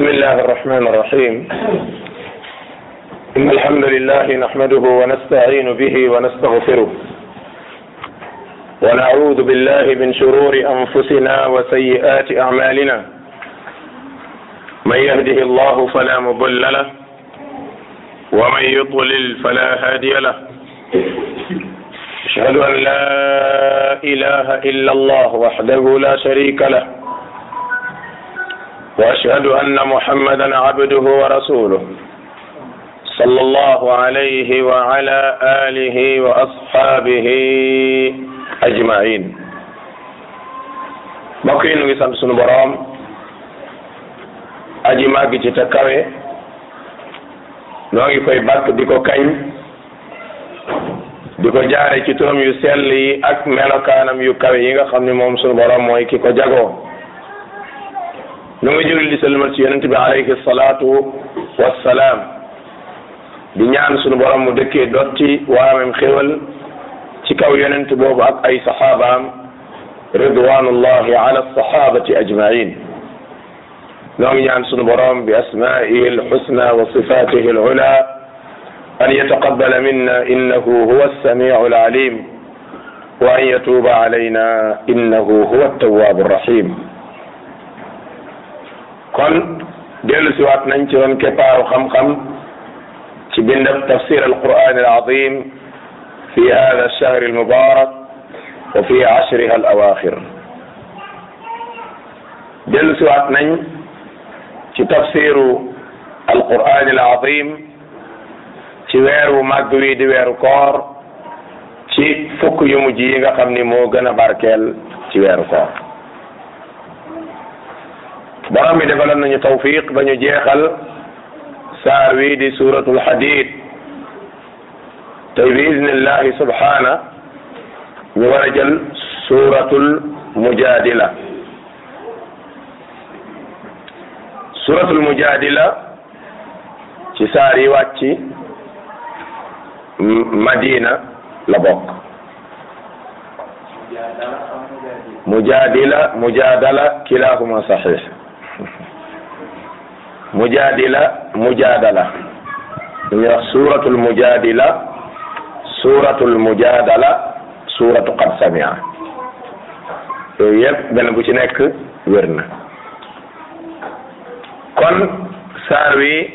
بسم الله الرحمن الرحيم إن الحمد لله نحمده ونستعين به ونستغفره ونعوذ بالله من شرور أنفسنا وسيئات أعمالنا من يهده الله فلا مضل له ومن يضلل فلا هادي له أشهد أن لا إله إلا الله وحده لا شريك له واشهد ان محمدا عبده ورسوله صلى الله عليه وعلى اله واصحابه اجمعين mbokk yi ñu ngi sant sunu boroom aji màgg ci te kawe noo koy bàkk di ko kañ di ko jaare ci turam yu sell yi ak melokaanam yu kawe yi nga xam ni moom sunu boroom mooy ki ko jagoo نمي جيري لي سلمات سي عليه الصلاه والسلام دي نيان سونو بوروم مو خيول سي كاو يونتي اي صحابام رضوان الله على الصحابه اجمعين نمي نيان سونو بوروم باسمائه الحسنى وصفاته العلى ان يتقبل منا انه هو السميع العليم وان يتوب علينا انه هو التواب الرحيم kon dellu si waat nañ ci woon keppaaru xam-xam ci bindab tafsir alquran alazim fi hada alshahr almubarak wa fi ashriha alawaxir dellu si waat nañ ci tafsiru alquran alazim ci weer wu màgg wi di weeru koor ci fukk yu mujj yi ni moo gën a barkeel ci weeru koor borom bi defaloon nañu tawfiq ba ñu jeexal saar wi di suratul hadid tey bi iznillahi subhana ñu war a jël suratul mujadila suratul mujadila ci saar yi wàcc madina la bokk mujadila mujadala kilahuma sahih mujaadila mujaadala lu ñuy wax suuratul mujaadila suuratul mujaadala suuratu qad samia yooyu benn bu ci nekk wér na kon saar wi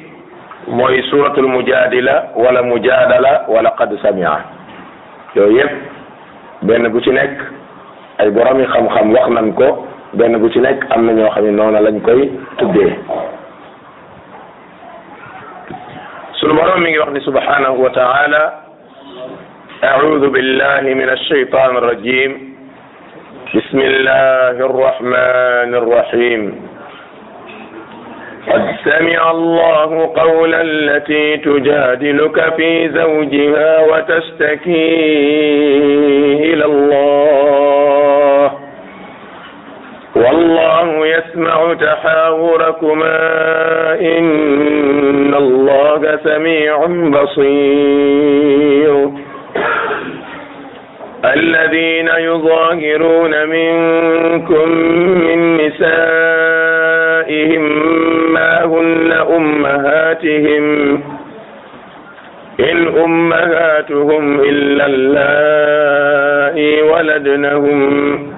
mooy suuratul mujaadila wala mujaadala wala qad samia yooyu benn bu ci nekk ay boromi xam-xam wax nañ ko benn bu ci nekk am na ñoo xam ne noona lañ koy tuddee borom من ngi سبحانه وتعالى أعوذ بالله من الشيطان الرجيم بسم الله الرحمن الرحيم قد سمع الله قولا التي تجادلك في زوجها وتشتكي إلى الله والله يسمع تحاوركما إن الله سميع بصير الذين يظاهرون منكم من نسائهم ما هن أمهاتهم إن أمهاتهم إلا اللائي ولدنهم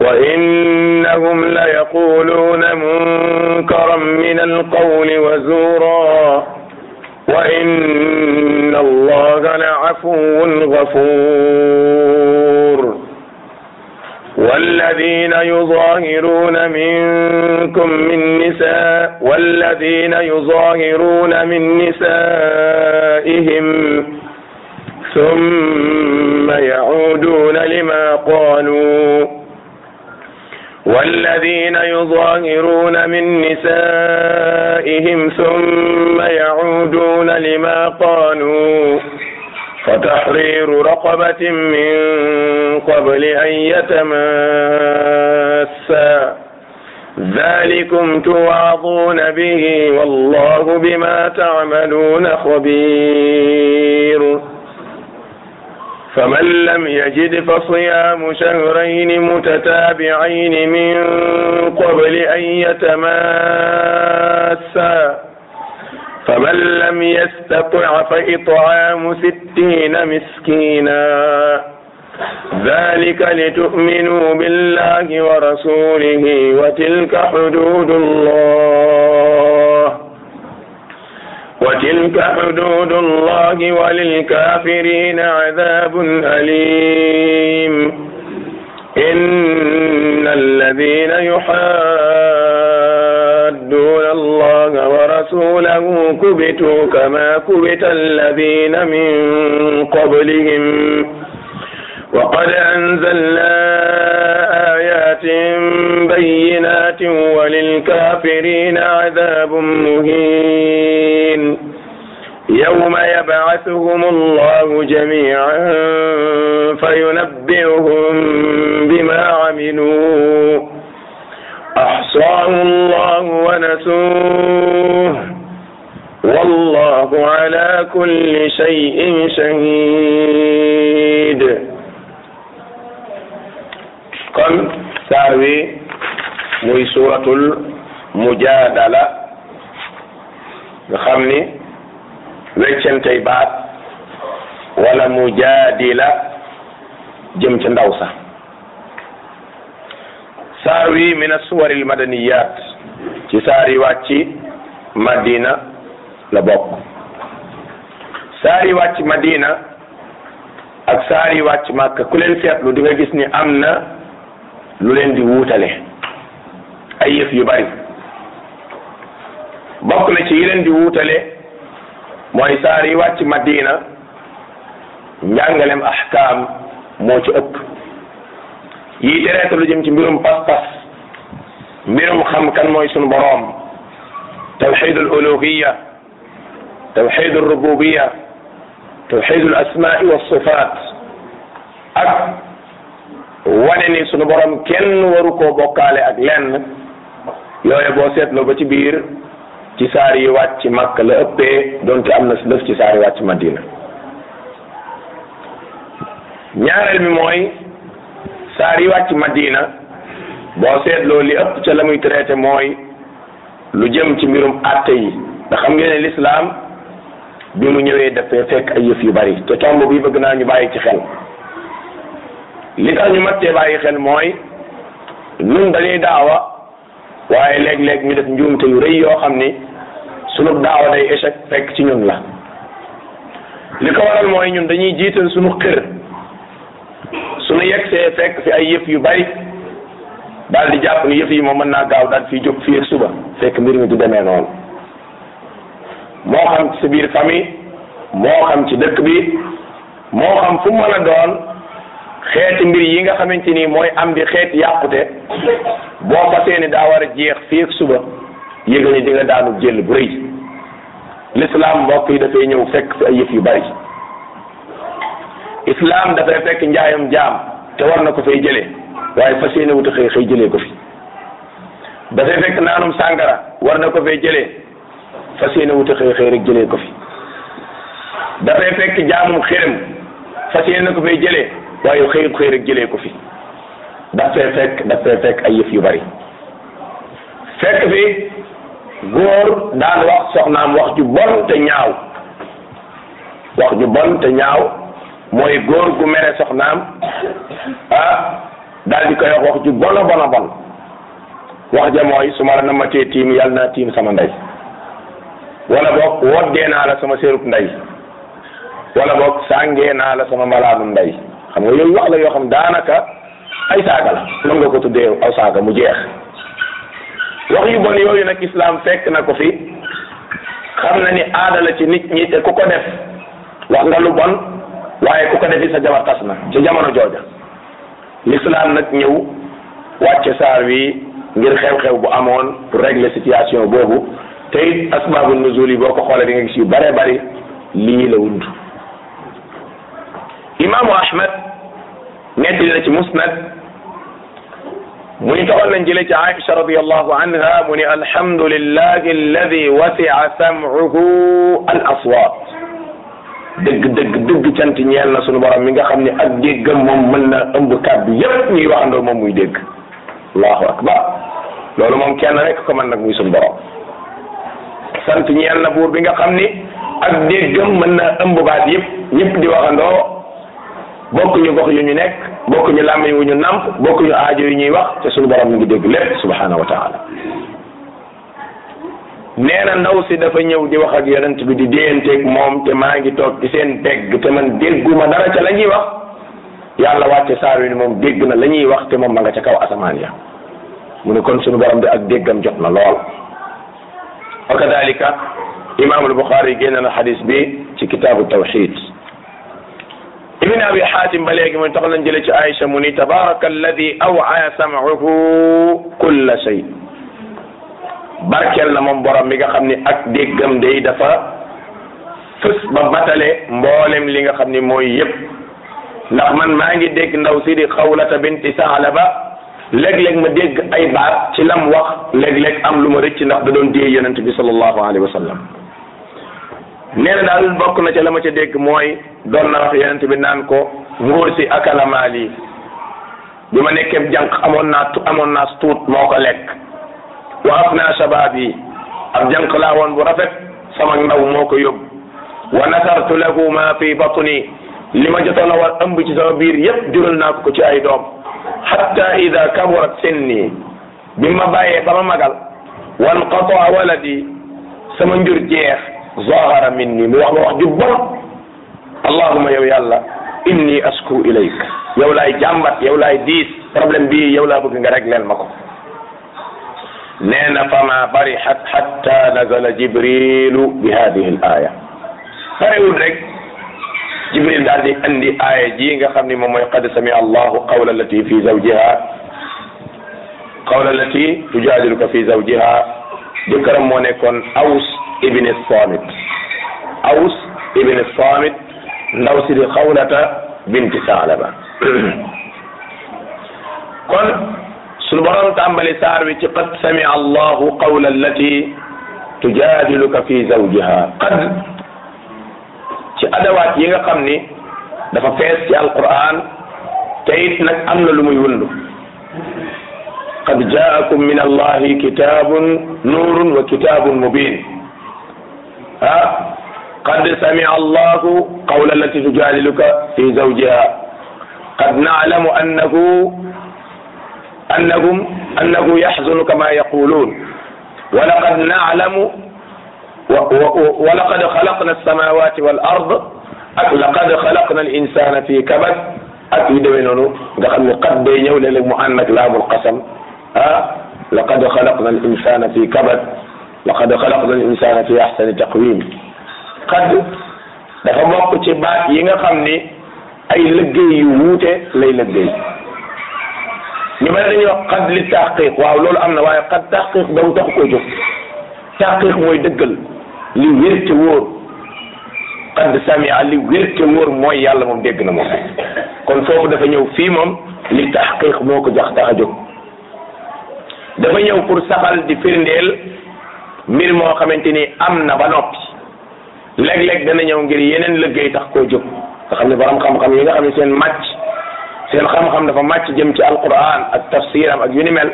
وإنهم ليقولون منكرا من القول وزورا وإن الله لعفو غفور والذين يظاهرون منكم من نساء والذين يظاهرون من نسائهم ثم يعودون لما قالوا والذين يظاهرون من نسائهم ثم يعودون لما قالوا فتحرير رقبة من قبل أن يتماسا ذلكم توعظون به والله بما تعملون خبير فمن لم يجد فصيام شهرين متتابعين من قبل أن يتماسا فمن لم يستطع فإطعام ستين مسكينا ذلك لتؤمنوا بالله ورسوله وتلك حدود الله وتلك حدود الله وللكافرين عذاب أليم إن الذين يحادون الله ورسوله كبتوا كما كبت الذين من قبلهم وقد أنزلنا آيات بينات وللكافرين عذاب مهين يوم يبعثهم الله جميعا فينبئهم بما عملوا أحصاه الله ونسوه والله على كل شيء شهيد قل تعوي مي سورة المجادلة خمني weccantey baat wala mujaadila jëm ca ndaw sa saar wi min as-suwaril madaniyat ci saar yi wàcc madina la bokk saar yi wàcc madina ak saar yi wàcc màkka ku leen seetlu di nga gis ni am na lu leen di wuutale ay yëf yu bari bokk na ci yi leen di wuutale mooy saar yi wàcc madina njàngaleem ahkaam moo ci yi tereeta lu jëm ci mbirum pas-pas mbirum xam kan mooy sunu boroom tawxidul uluhiya tawxidul rububiya tawxidul asmaai wa sifaat ak wane ni sunu boroom kenn waru koo bokkaale ak lenn yooye boo seetloo ba ci biir ci saar yi wàcc Makka la ëppee donte am na lëf ci saar yi wàcc Madina ñaareel mi mooy saar yi wàcc Madina boo seetloo li ëpp ca la muy traité mooy lu jëm ci mbirum àtte yi da xam ngeen ne lislaam bi mu ñëwee dafay fekk ay yëf yu bari te tomb bi bëgg naa ñu bàyyi ci xel li tax ñu mattee bàyyi xel mooy nun dañuy daawa waaye léeg-léeg ñu def njuumte yu rëy yoo xam ni sunu daawa day échec fekk ci ñun la li ko waral mooy ñun dañuy jiital sunu xër sunu yegsee fekk fi ay yëf yu bari daal di jàpp ni yëf yi moom mën naa gaaw daal fii jóg fii ak suba fekk mbir du demee noonu moo xam ci biir famille moo ci dëkk bi moo xam fu mën xeeti mbir yi nga xamante ni mooy am di xeeti yàqute boo fasee ni daa war a jeex fii ak suba yëgal ni di daanu jël bu rëy l'islam mbokk yi dafay ñëw fekk fi ay yëf yu bari islam dafay fekk njaayam jaam te war na ko fay jëlee waaye fas yéene wuta xëy xëy jëlee ko fi dafay fekk naanum sàngara war na ko fay jëlee fas yéene rek jëlee ko fi dafay fekk jaamum xërëm fas yéene ko fay jëlee waaye xëy xëy rek jëlee ko fi dafay fekk dafay fekk ay yëf yu bari fekk fi góor daan wax soxnaam wax ju bon te ñaaw wax ju bon te ñaaw mooy góor gu mere soxnaam ah daal di koy wax wax ju bon a bon a bon wax ja mooy su ma la na ma tee tiim yàlla naa tiim sama ndey wala boog woddee naa la sama sérub ndey wala boog sàngee naa la sama malaanu ndey xam nga yooyu wax la yoo xam daanaka ay saaga la mën nga ko tuddee aw saaka mu jeex wax yu bon yooyu nag islam fekk na ko fi xam na ni aada la ci nit ñi te ku ko def wax nga lu bon waaye ku ko defi sa jabar tas na ci jamono jooja l'islam nag ñëw wàcce saar wi ngir xew-xew bu amoon pour régler situation boobu te it asbaabu nuzul yi boo ko xoolee di nga gis yu bare bari lii la wund imaamu Ahmad nettali na ci musnad مو يتقول لنا جلت عائشة رضي الله عنها من الحمد لله الذي وسع سمعه الأصوات دق دق دق تنت نيالنا سنبرا من قمني أدي قم ومنا أمبكاب يرتني وعند المم يدق الله أكبر لو لم يكن لك كما أنك ميسن برا سنت نيالنا بور من قمني أدي قم منا أمبكاب يبني يب دي وعند ñu gox yu ñu nekk bokkuñu làmmiñ wu ñu nàmp bokkuñu aajo yu ñuy wax te suñu borom mu ngi dégg lépp subhanahu wa taala nee na ndaw si dafa ñëw di wax ak yonent bi di déyanteeg moom te maa ngi toog di seen pegg te man dégguma dara ca la ñuy wax yàlla wàcce saar wi ni moom dégg na la ñuy wax te moom ma nga ca kaw asamaan ya mu ne kon suñu borom bi ak déggam jot na lool wa kadalika imam al buxaari génne na xadis bi ci kitaabu tawxid ibn abi xaatim ba léegi mooy tax lañ jële ci Aïcha mu ni tabaraka alladi awaa sam'uhu kulla shay barkeel na moom borom mi nga xam ni ak déggam day dafa fës ba matale mboolem li nga xam ni mooy yëpp ndax man maa ngi dégg ndaw si di xawlata binti Saalaba lek léeg ma dégg ay baat ci lam wax léeg-léeg am lu ma rëcc ndax da doon dee yonent bi sallallahu alayhi wa sallam nee na daal bokk na ca la ma ca dégg mooy doon na wax bi naan ko nguur akala maal bi ma nekkee jànq amoon naa amoon naa tuut moo ko lekk wa afna shabaab yi ab jànq laa woon bu rafet sama ndaw moo ko yóbbu wa nasartu lahu ma fi batni li ma jotoon a war ëmb ci sama biir yépp jural naa ko ko ci ay doom hatta ida kaburat sinni bi ma bàyyee ba ma magal wan qataa waladi sama njur jeex ظهر مني مو واخ واخ دي اللهم يا يالا اني اسكو اليك يا ولاي جامات يا ولاي ديس بروبليم بي يا ولا بوغي نغا مكو نينا فما برحت حتى نزل جبريل بهذه الايه فريول رك جبريل دال دي اندي ايه جيغا خامني موي قد سمع الله قول التي في زوجها قول التي تجادلك في زوجها ذكر مو نيكون اوس ابن الصامت أوس ابن الصامت ndawsiri xawlata binti saalaba kon sunu borom tàmbali saar wi ci qad sami allahu qawla allati tujadiluka fi zawjiha qad ci adawaat yi nga xam ni dafa fees ci alquran te it nag am na lu muy wund qad jaakum min allahi kitabun nurun wa kitabun mubin ها قد سمع الله قول التي تجادلك في زوجها قد نعلم أنه أنهم أنه يحزن كما يقولون ولقد نعلم ولقد خلقنا السماوات والأرض لقد خلقنا الإنسان في كبد أكيد منه دخل قد بينه للمؤنك لام القسم ها لقد خلقنا الإنسان في كبد لقد خلقنا الانسان في احسن تقويم قد دا فا موك سي بات ييغا خامني اي لغي يو ووتي لاي لغي ني مال دانيو قد للتحقيق واو لول امنا واي قد تحقيق دا موتاخ كو جوف تحقيق موي دغال لي ويرتي وور قد سامع لي ويرتي وور موي يالا موم دغنا موم كون فوفو دا فا نيو في موم للتحقيق موكو جاخ تاخ جوك دا فا نيو بور سخال دي فيرنديل mbir moo xamante ni am na ba noppi léeg-léeg dana ñëw ngir yeneen liggéey tax koo jóg nga xam ne borom xam-xam yi nga xam ne seen màcc seen xam-xam dafa màcc jëm ci alquran ak tafsiram ak yu ni mel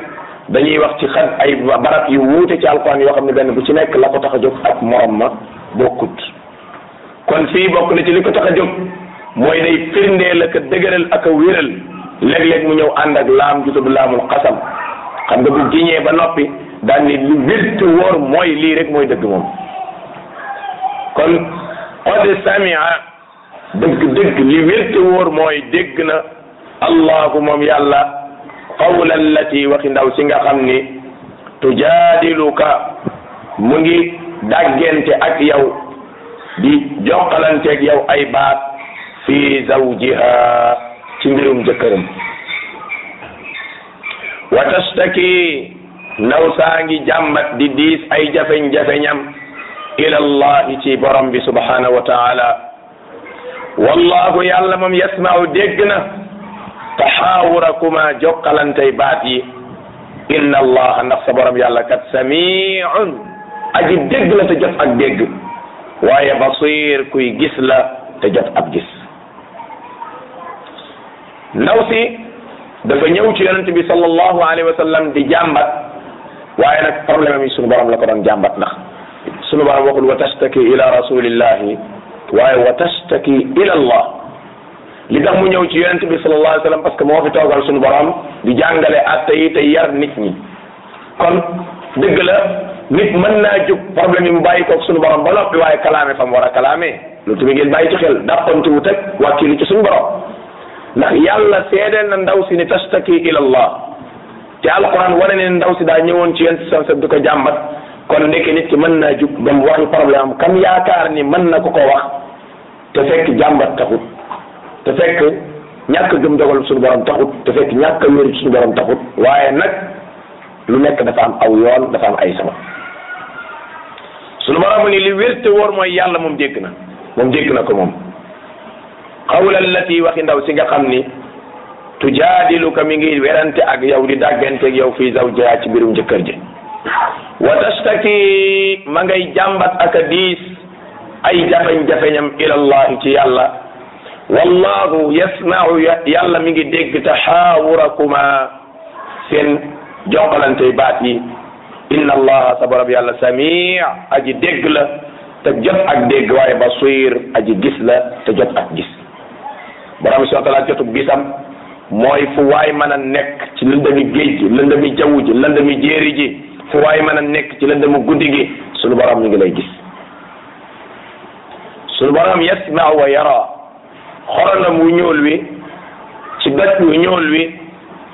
dañuy wax ci xat ay barab yu wuute ci alquran yoo xam ne benn bu ci nekk la ko tax a jóg ak morom ma bokkut kon fii bokk na ci li ko tax a jóg mooy day firndeel ak a dëgëral ak a wéral léeg-léeg mu ñëw ànd ak laam ju tudd laamul xasam xam nga bu giñee ba noppi daal ni lu wér mooy lii rek mooy dëgg moom kon qad samia dëgg-dëgg li wér te mooy dégg na allahu moom yàlla qawla allati waxi ndaw si nga xam ni tujaadiluka mu ngi daggante ak yow di joxalanteeg yow ay baat fi zawjiha ci mbirum jëkkëram wa ndaw saa ngi jàmbat di diis ay jafeñ-jafeñam ilallahi ci borom bi subhanahu wa taala wallahu yàlla moom yasmau dégg na taxaawurakuma jokkalantey baat yi inna allaha ndax sa borom yàlla kat samiun aji dégg la ak dégg waaye basir kuy gis la te jot ab gis ndaw dafa ñëw ci yonente bi sallallahu di jàmbat waaye nag problème yi sunu borom la ko doon jàmbat ndax sunu borom waxul wa tastaki ila rasulillahi waaye wa tastaki ila allah li tax mu ñëw ci yonent bi sallallahu alayhi wasallam parce que moo fi toogal sunu borom di jàngale atte yi te yar nit ñi kon dëgg la nit mën naa jóg problème yi mu bàyyi koog sunu borom ba noppi waaye kalaame fa mu war a kalaame loolu tamit ngeen bàyyi ci xel dàppante wu teg wàccilu ci sunu borom ndax yàlla seedeel na ndaw si ni tastaki ila allah ti alquran wane ne ndaw si daa ñëwoon ci yenn sa di ko jàmbat kon nekk nit ki mën naa jug dem waxi problème am kam yaakaar ni mën na ko ko wax te fekk jàmbat taxut te fekk ñàkk gëm dogal suñu borom taxut te fekk ñàkk a wér suñu borom taxut waaye nag lu nekk dafa am aw yoon dafa am ay sabab suñu borom ni li wér te wóor mooy yàlla moom dégg na moom dégg na ko moom xawla allati waxi ndaw si nga xam ni tujaadiluka mi ngi werante ak yow di dàgganteeg yow fii zawjiha ci mbirum jëkkër ji wa tastaki ma ngay jàmbat ak ay jafeñ-jafeñam ilallahi ci yàlla wallahu yasmau mi ngi dégg taxaawurakuma seen joxalante baat yi inna allaha sa borom yàlla sami aji dégg la te jot ak dégg basir aji gis la te gis borom subhanahu wa gisam mooy fu waay mën a nekk ci lëndami gi gi lëndami jaww ji lëndami jéeri ji fu waay mën a nekk ci lëndami guddi gi sunu borom mi ngi lay gis sunu borom yasmaa wa yara xoronam wu ñuul wi ci gët wu ñuul wi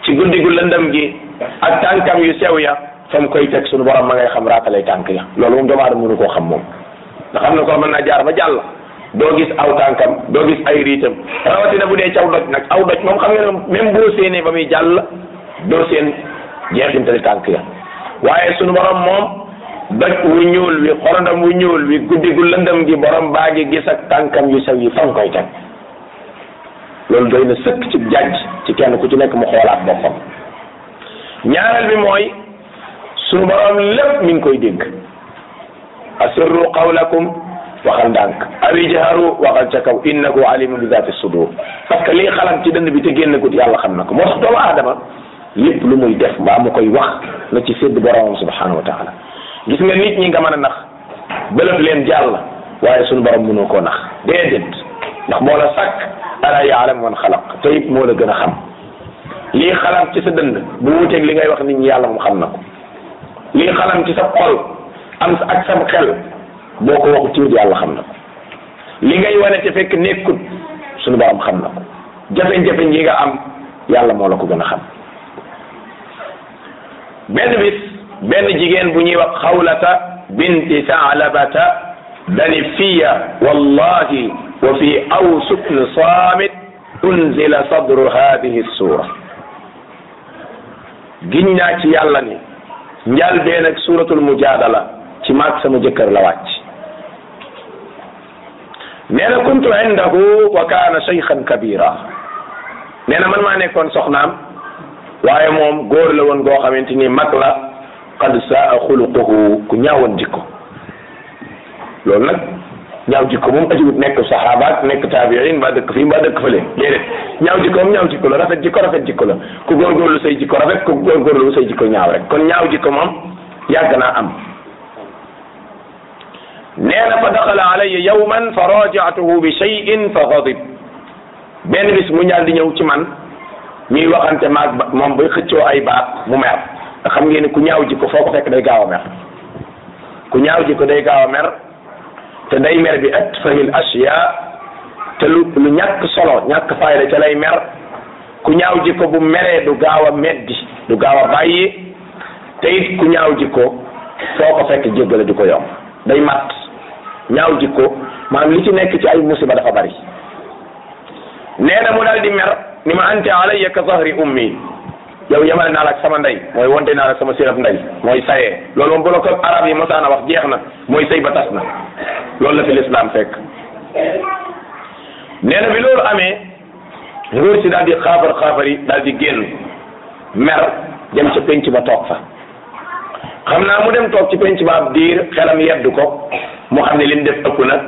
ci guddi gu lëndam gi ak tànkam yu sew ya fa koy teg sunu borom ma ngay xam raatale tànk ya loolu moom doomu aadama mënu koo xam moom ndax xam na ko mën naa jaar ba jàll doo gis aw tànkam doo gis ay riitam rawatina bu dee caw doj nag aw doj moom xam nga ne même boo séenee ba muy jàll doo seen jeexintali tànk ya waaye sunu borom moom doj wu ñuul wi xorondam wu ñuul wi guddi gu lëndëm gi borom baa ngi gis ak tànkam yu sew yi fan koy teg loolu doy na sëkk ci jàjj ci kenn ku ci nekk mu xoolaat boppam ñaareel bi mooy sunu borom lépp mi ngi koy dégg asirru qawlakum waxal ndànk awi jaharu waxal ca kaw innahu alimu bi zati sudur parce que li xalam ci dënd bi te génn gut yàlla xam na ko moo tax doomu aadama lu muy def mbaa mu koy wax na ci sédd boromam subhanahu wa taala gis nga nit ñi nga mën a nax bëlëb leen jàll waaye suñu borom mënoo koo nax déedéet ndax moo la sàkk ala yaalam man xalaq te it moo la gën a xam lii xalam ci sa dënd bu wuuteeg li ngay wax nit ñi yàlla moom xam na ko lii xalam ci sa xol am ak sam xel boo ko waxu tiit xam na ko li ngay wane te fekk nekkut suñu borom xam na ko jafe-jafe yi am yàlla moo la ko gën a xam benn bis benn jigéen bu ñuy wax xawlata binti saalabata dani fiya wallahi wa fi awsutn saamit unzila sadru hadihi suura giñ ci yàlla ni njal been ak suratul mujaadala ci maag sama jëkkër la wàcc nee na kuntu indahu wa kaana shaykhan kabira nee na man maa nekkoon soxnaam waaye moom góor la woon goo xamante ni mag la qad saa xuluquhu ku ñaawoon ko loolu nag ñaaw jikko moom ajiwut nekk saxaabaat nekk taabiin mbaa dëkk fii mbaa dëkk fële déedéet ñaaw jikko moom ñaaw jikko la rafet jikko rafet jikko la ku góorgóorlu say jikko rafet ku góorgóorlu say jikko ñaaw rek kon ñaaw jikko moom yàgg naa am nee na fa daxala alayya yawman fa rajaatuhu bi cheyin fa xadib benn bis mu ñaal di ñëw ci man ñuy waxante maag ba moom bay xëccoo ay baat mu mer te xam ngeen ne ku ñaaw jikko foo ko fekk day gaaw a mer ku ñaaw jikko day gaaw a mer te day mer bi atfahil asya te lu lu solo ñàkk fayda ca lay mer ku ñaaw jikko bu meree du gaaw a meddi du gaaw a bàyyi te ku ñaaw jikko foo ko fekk jéggale du ko yomb day matt ñaaw ko maanaam li ci nekk ci ay musiba dafa bari nee na mu dal di mer ni ma ante alayya ka zahri ummi yow yemale naa la ak sama ndey mooy wonte naa la sama sirab ndey mooy sayee loolu moom bu la ko arab yi mosaana wax jeex na mooy sëy ba tas na loolu la fi lislaam fekk nee na bi loolu amee nguur si daal di xaabar xaabar yi di génn mer dem ca penc ba toog fa xam naa mu dem toog ci penc ba ab diir xelam yeddu ko mu xam ne li mu def ëpp nag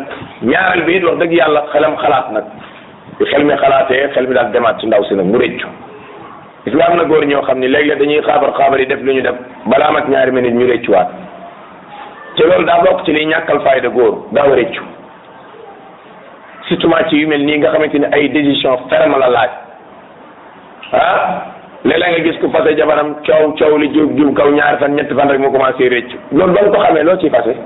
ñaareel bi it wax dëgg yàlla xelam xalaat nag bi xel mi xalaatee xel mi daal demaat ci ndaw si nag mu rëccu gis nga am na góor ñoo xam ni léeg-léeg dañuy xaabar xaabar yi def lu ñu def balaa mat ñaari minute ñu rëccuwaat te loolu daa bokk ci liy ñàkkal fayda góor daaw a rëccu surtout ci yu mel nii nga xamante ni ay décision ferme la laaj ah léeg-léeg nga gis ku fase jabaram coow coow li jub jub kaw ñaari fan ñetti fan rek mu commencé rëccu loolu ba nga ko loo ciy fase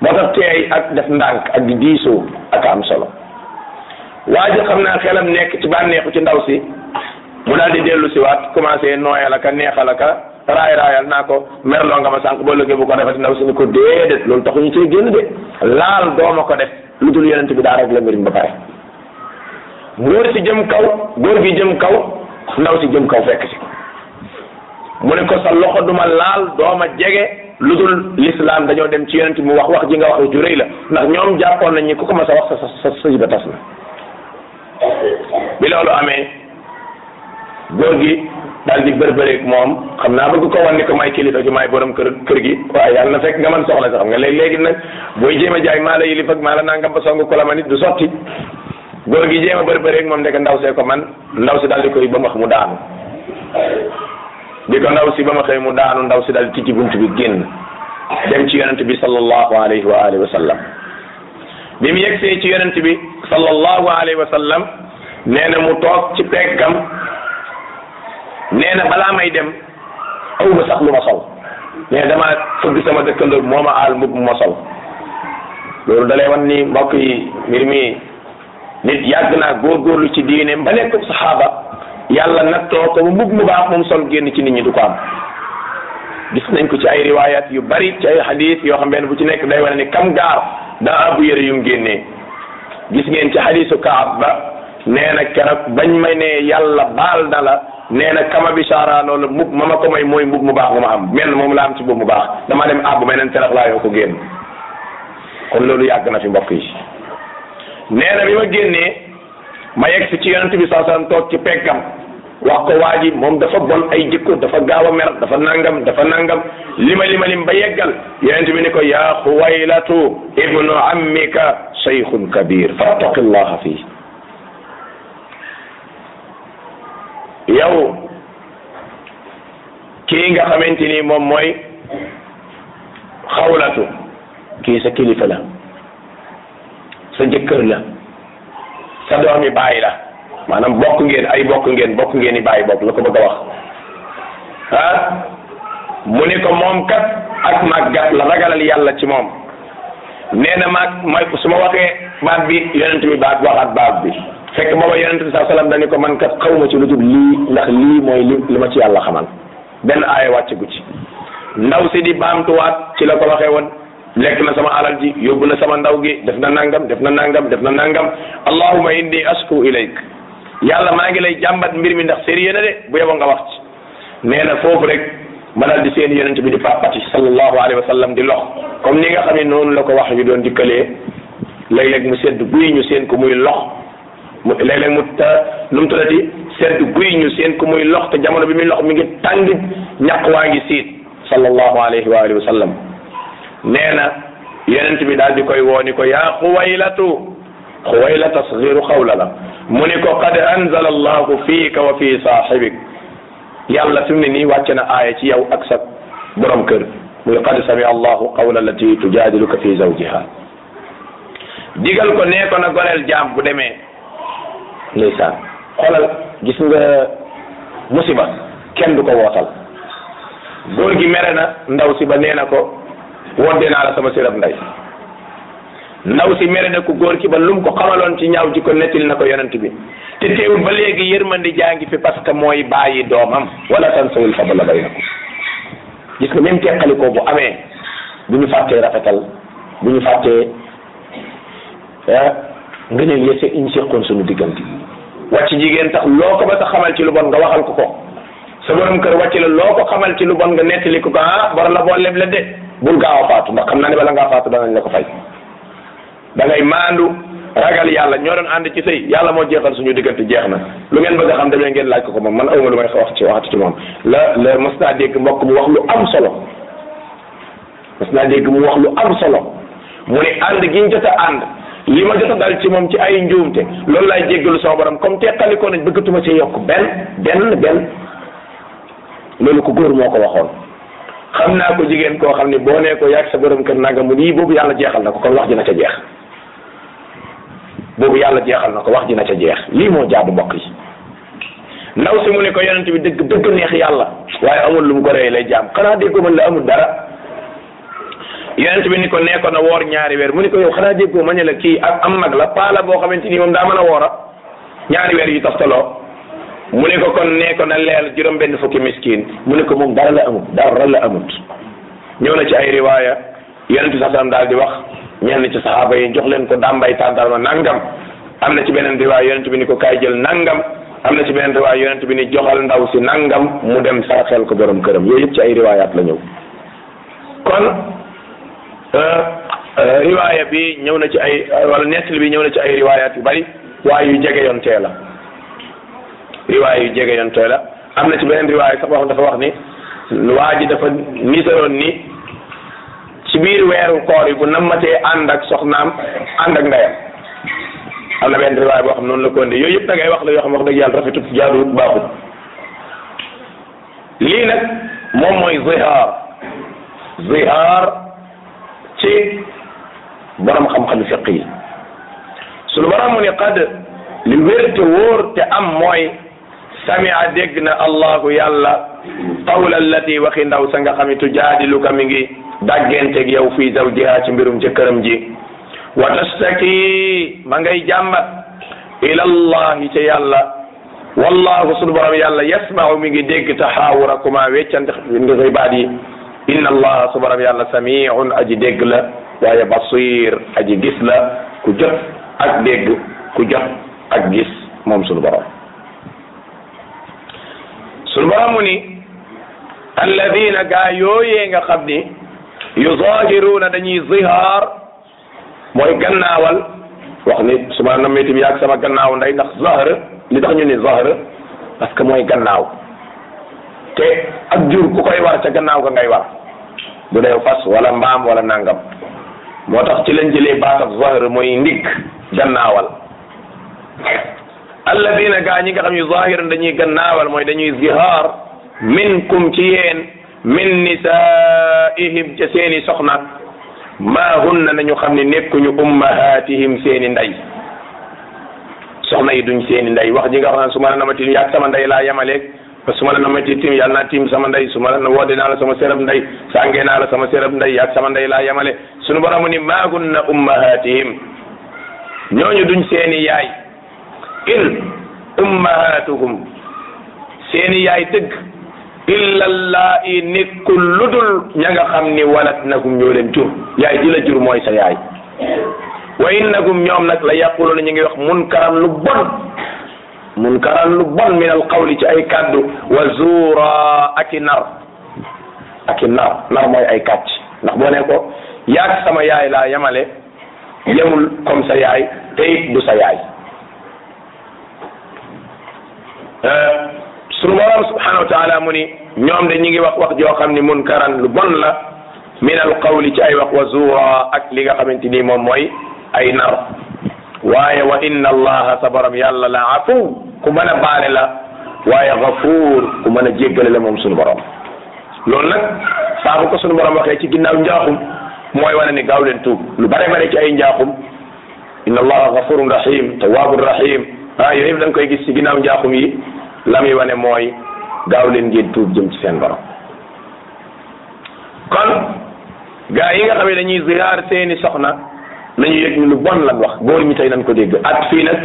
moo tax teey ak def ndànk ak di diisoo ak am solo waa ji xam naa xelam nekk ci bànneexu ci ndaw si mu daal di dellu si waat commencé nooyal aka neexal aka raay raayal naa ko merloo nga ma sànq boo lëggee bu ko defati ndaw si ni ko déedéet loolu taxu ñu cee génn de laal dooma ko def lu dul yonent bi daa rek la mbir ba pare góor si jëm kaw góor gi jëm kaw ndaw si jëm kaw fekk si mu ne ko sa loxo duma laal dooma jege lu dul l'islam dañoo dem ci yonent mu wax wax ji nga wax ju rëy la ndax ñoom jàppoon nañ ni ku ko mas wax sa sa sa ba tas na bi loolu amee góor daal di bërbëreeg moom xam naa bëgg ko wan ni ko may kilifa gi may borom kër kër gi waaye yàlla na fekk nga mën soxla sax xam léegi léegi nag booy jéem a jaay maa la yilif ba song ko la ma nit du sotti góor gi jéem a bërbëreeg moom ndeke ndaw see ko man ndaw si daal di koy ba wax mu daanu bi ko ndaw si ba ma xëy mu daanu ndaw si daal tijji bunt bi génn dem ci yonent bi sallallahu alayhi wa alihi wa sallam bi mi yegsee ci yonent bi sallallahu alayhi wa sallam nee na mu toog ci peggam nee na balaa may dem aw ma sax lu ma sol nee damaa fëgg sama dëkkandoo moo ma aal mbubb ma sol loolu dalay wan ni mbokk yi mbir mi nit yàgg naa lu ci diineem ba nekk saxaaba yàlla nattoo ko ba mbub mu baax moom sol génn ci nit ñi du ko am gis nañ ko ci ay riwayat yu bari ci ay xadis yoo xam benn bu ci nekk day wane ni kam gaar daa abu yëre yum génnee gis ngeen ci xadisu kaab ba nee na keroog bañ ma ne yàlla baal na la nee na kama bisaara loolu mbub ma ma ko may mooy mbub mu baax mu ma am mel moom la am ci mbub mu baax dama dem àbb ma neen terax laa yoo ko génn kon loolu yàgg na fi mbokk yi nee bi ma yegg si ci yonent bi saa ci peggam wax ko moom dafa bon ay jikko dafa gaaw a mer dafa nangam dafa nangam lima lima lim ba yeggal yonent ni ko yaa xuwaylatu ibnu ammika sayxun kabir fattaqillaha fii yow kii nga xamante ni moom mooy xawlatu kii sa kilifa la sa jëkkër la sa doomi bàyyi la maanaam bokk ngeen ay bokk ngeen bokk ngeen i bàyyi bokk la ko bëgg a wax ah mu ne ko moom kat ak màggat la ragalal yàlla ci moom nee na maag may su ma waxee baat bi yonent bi baat waxaat baab bi fekk booba yonent sa saa salaam dañu ko man kat xaw ci lu jub lii ndax lii mooy li li ma ci yàlla xamal benn aaya wàcc gu ci ndaw si di baamtuwaat ci la ko waxee woon lekk na sama alal ji yóbbu na sama ndaw gi def na nangam def na nangam def na nangam ma indi asku ilayk yàlla maa ngi lay jàmbat mbir mi ndax sérieux na de bu yeboo nga wax ci nee na foofu rek ma di seen yonent bi di papati sallallahu alayhi wa sallam di loxo comme ni nga xam ne noonu la ko wax yu doon dikkalee léeg-léeg mu sedd guy ñu seen ko muy lox mu léeg mu ta nu mu tuddati sedd guy ñu seen ko muy lox te jamono bi muy loxo mi ngi tàng ñaq waa ngi siit sallallahu alayhi wa alihi wa sallam nee na yonent bi daal di koy wooni ko yaa xuwaylatu xuwayla tasgiru xawla la mu ni ko qad anzala allahu fiika wa fi saaxibik yàlla fi mu ne nii wàcce na aaya ci yow ak sa borom kër muy qad sami allahu qawla allati tujaadiluka fi zawjiha digal ko nee ko na goreel jaam bu demee ndeysaan xoolal gis nga musiba kenn du ko wootal góor gi mere na ndaw si ba nee na ko woddee naa la sama sérab nday ndaw si mere na ko góor ki ba lu mu ko xamaloon ci ñaaw ji ko nettil na ko yonent bi te teewul ba léegi yërmandi jaa ngi fi parce que mooy bàyyi doomam wala tan sawul fadla baynakum gis ko même teqalikoo bu ñu fàttee rafetal bu ñu fàttee ah nga ne yese iñ seqoon jigéen tax loo ko ba sa xamal ci lu bon nga waxal ko ko sa borom kër wàcc la loo ko xamal ci lu bon nga nettali ko ko ah bor la boo leb la de bul gaaw a faatu ndax xam naa ne bala ngaa faatu danañ la ko fay da ngay maandu ragal yàlla ñoo doon ànd ci sëy yàlla moo jeexal suñu diggante jeex na lu ngeen bëgg a xam demee ngeen laaj ko ko moom man awma lu may wax ci waxati ci moom la la mas naa dégg mbokk bu wax lu am solo naa dégg mu wax lu am solo mu ne ànd gi ñu jot a ànd li ma jot dal ci moom ci ay njuumte loolu laay jéggalu sama borom comme teqalikoo nañ bëggatuma see yokk benn benn benn loolu ko góor moo ko waxoon xam naa ko jigéen koo xam ne boo nee ko yàgg sa borom kër nanga mu nii boobu yàlla jeexal na ko kon wax ji na ca jeex boobu yàlla jeexal na ko wax ji na ca jeex lii moo jaadu mbokk yi ndaw mu ne ko yonent bi dëgg dëgg neex yàlla waaye amul lu mu ko rey lay jaam xanaa déggoo man la amul dara yonent bi ni ko nee na woor ñaari weer mu ni ko yow xanaa déggoo ma ne la kii ak am nag la paala boo xamante ni moom daa mën a wora ñaari weer yu toftaloo mu ne ko kon nee ko na leel juróom benn fukki miskin mu ne ko moom dara la amut dara la amut ñëw na ci ay riwaaya yonente sa salam daal di wax ñenn ci sax saxaaba yi jox leen ko dàmbay tàndarma nangam am na ci beneen riwaaya yonente bi ni ko kaay jël nangam am na ci beneen riwaaya yonente bi ni joxal ndaw si nangam mu dem saraxel ko borom këram yooyu yëpp ci ay riwaayaat la ñëw kon euh, euh, riwaaya bi ñëw na ci ay wala nettali bi ñëw na ci ay riwaayaat yu bari waaye yu jege yoon tee la riwaay yu jege la am na ci beneen riwaay sax wax dafa wax ni waa ji dafa nisaroon ni ci biir weer koor yi bu nammatee ànd ak soxnaam ànd ak ndeyam am na benn riwaay boo xam noonu la ko indee yooyu yëpp da ngay wax la yoo xam wax dëgg yàlla rafetut jaaduwut baaxut lii nag moom mooy zihaar zihaar ci borom xam-xam fiq yi sunu borom qad li wér te te am moy samia dégg na allahu yàlla qawla allati waxi ndaw sa nga xam ne tujaadiluka mi ngi daggenteeg yow fii zawjiha ci mbirum jëkkëram ji wa tastaki ma ngay jàmbat ila allahi ca yàlla wallahu sunu borom yàlla yasmau mi ngi dégg taxaawurakuma weccante ndi xibaat yi inna allaha su borom yàlla samiun aji dégg la waaye basir aji gis la ku jot ak dégg ku jot ak gis moom sunu borom su borom mu ni alladina ga yooyee nga xam ni yuzahiruuna dañuy zihaar mooy gannaawal wax ni su ma nammee tamit yaag sama gannaaw nday ndax zahr li dax ñu ni zahr parce que mooy gannaaw te ak jur ku koy war ca gannaaw ga ngay war bu dee fas wala mbaam wala nangam moo tax ci lañ jëlee baat ak zahr mooy ndig gannaawal alladina gaa ñi nga xam yu zahiran dañuy gannaawal mooy dañuy zihaar minkum ci yéen min nisaihim ca seeni soxna maa hunna nañu xam ne nekkuñu ummahatihim seeni ndey soxna yi duñ seeni ndey wax ñi nga xam ne su ma la namati sama ndey laa yamale su la namati tim yàlla sama ndey su ma la wodde naa la sama serab la sama serab ndey yaag ndey laa yemale sunu boromu ni maa hunna ummahatihim ñooñu duñ seeni yaay in ummahatuhum seeni yaay dëgg illa allaahi nekkul ludul ña nga xam ni walat nagum ñoo jur yaay di la jur mooy sa yaay wa innagum ñoom nag la yaquluuna ñu ngi wax munkaran lu bon munkaran lu min al qawli ci ay kaddu wa zuura aki nar mooy ay kàcc ndax boo ne ko yaag sama yaay laa yemale yemul comme Euh, sunu borom subhanahu wa taala mu ni ñoom de ñi ngi wax wax joo xam ni munkaran lu bon la min alqawli ci ay wax wa zuura ak li nga xamante ni moom mooy ay nar waaye wa inna allaha sa borom yàlla la afuw ku mën baale la waaye gafuur ku mën a jéggale la moom sunu borom loolu nag saa bu ko sunu wax waxee ci ginnaaw njaaxum mooy wane ni gaaw leen lu bare bare ci ay njaaxum inna allaha gafurun rahim tawabun rahim ah yooyu nga koy gis ci ginnaaw njaaxum yi la muy wane mooy gaaw leen ngeen tuub jëm ci seen borom kon gaa yi nga xam ne dañuy ziyaar seeni soxna nañu yëg ni lu bon lan wax góor mi tey nañ ko dégg at fii nag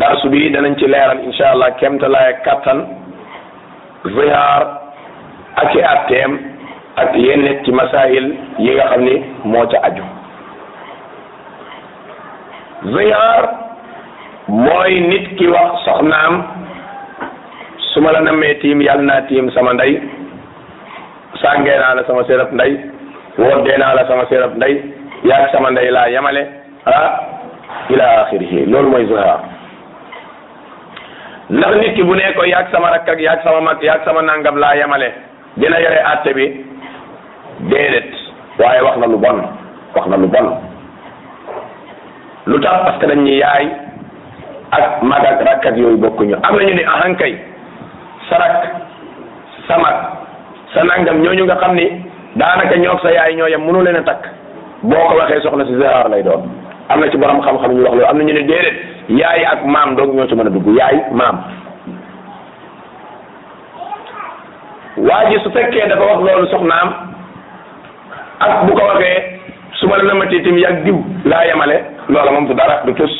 darsu danañ ci leeral insha allah kemtalaay kattan ziyaar ak i atteem ak yenn ci masaayil yi nga xam ni moo ca aju ziyaar mooy nit ki wax soxnaam su ma la nammee tiim yàlla naa sama ndey sàngee naa la sama sërëb ndey woddee naa la sama sërëb ndey yaag sama ndey laa yemale ah ila axirihi loolu mooy zuhaar ndax nit ki bu nekkoo ko sama rakk ak yaag sama mag yaag sama nangam laa yemale dina yore àtte bi déedéet waaye wax na lu bon wax na lu bon lu tax parce que dañ ñu ak mag ak rakk ak yooyu bokkuñu am nañu ni ahankay sa rak sa mag sa nangam ñooñu nga xam ni daanaka ñoog sa yaay ñoo yem mënu leen a takk boo ko waxee soxna si zihaar lay doon am na ci borom xam-xam ñu wax loolu am na ñu ne déedéet yaay ak maam doog ñoo ci mën a dugg yaay maam su fekkee dafa wax loolu soxnaam ak bu ko waxee su ma la namatee itam yàgg diw laa yamale loola moom du dara du tus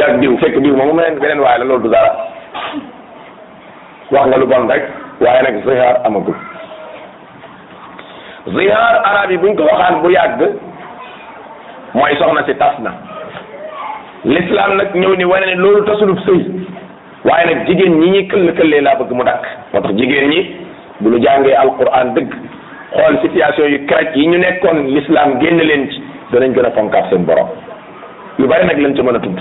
yàgg diw fekk diw moom mu beneen beneen waaye la loolu du dara wax nga lu bon rek waaye nag zihaar amagul zihaar arab yi buñ ko waxaan bu yàgg mooy soxna si tas na l'islam nag ñëw ni wane ne loolu tasulub sëy waaye nag jigéen ñi ñuy këll këllee laa bëgg mu dakk moo tax jigéen ñi bu ñu jàngee alquran dëgg xool situation yu crac yi ñu nekkoon l'islam génn leen ci danañ gën a fonkaat seen borom yu bari nag lañ ci mën a tudd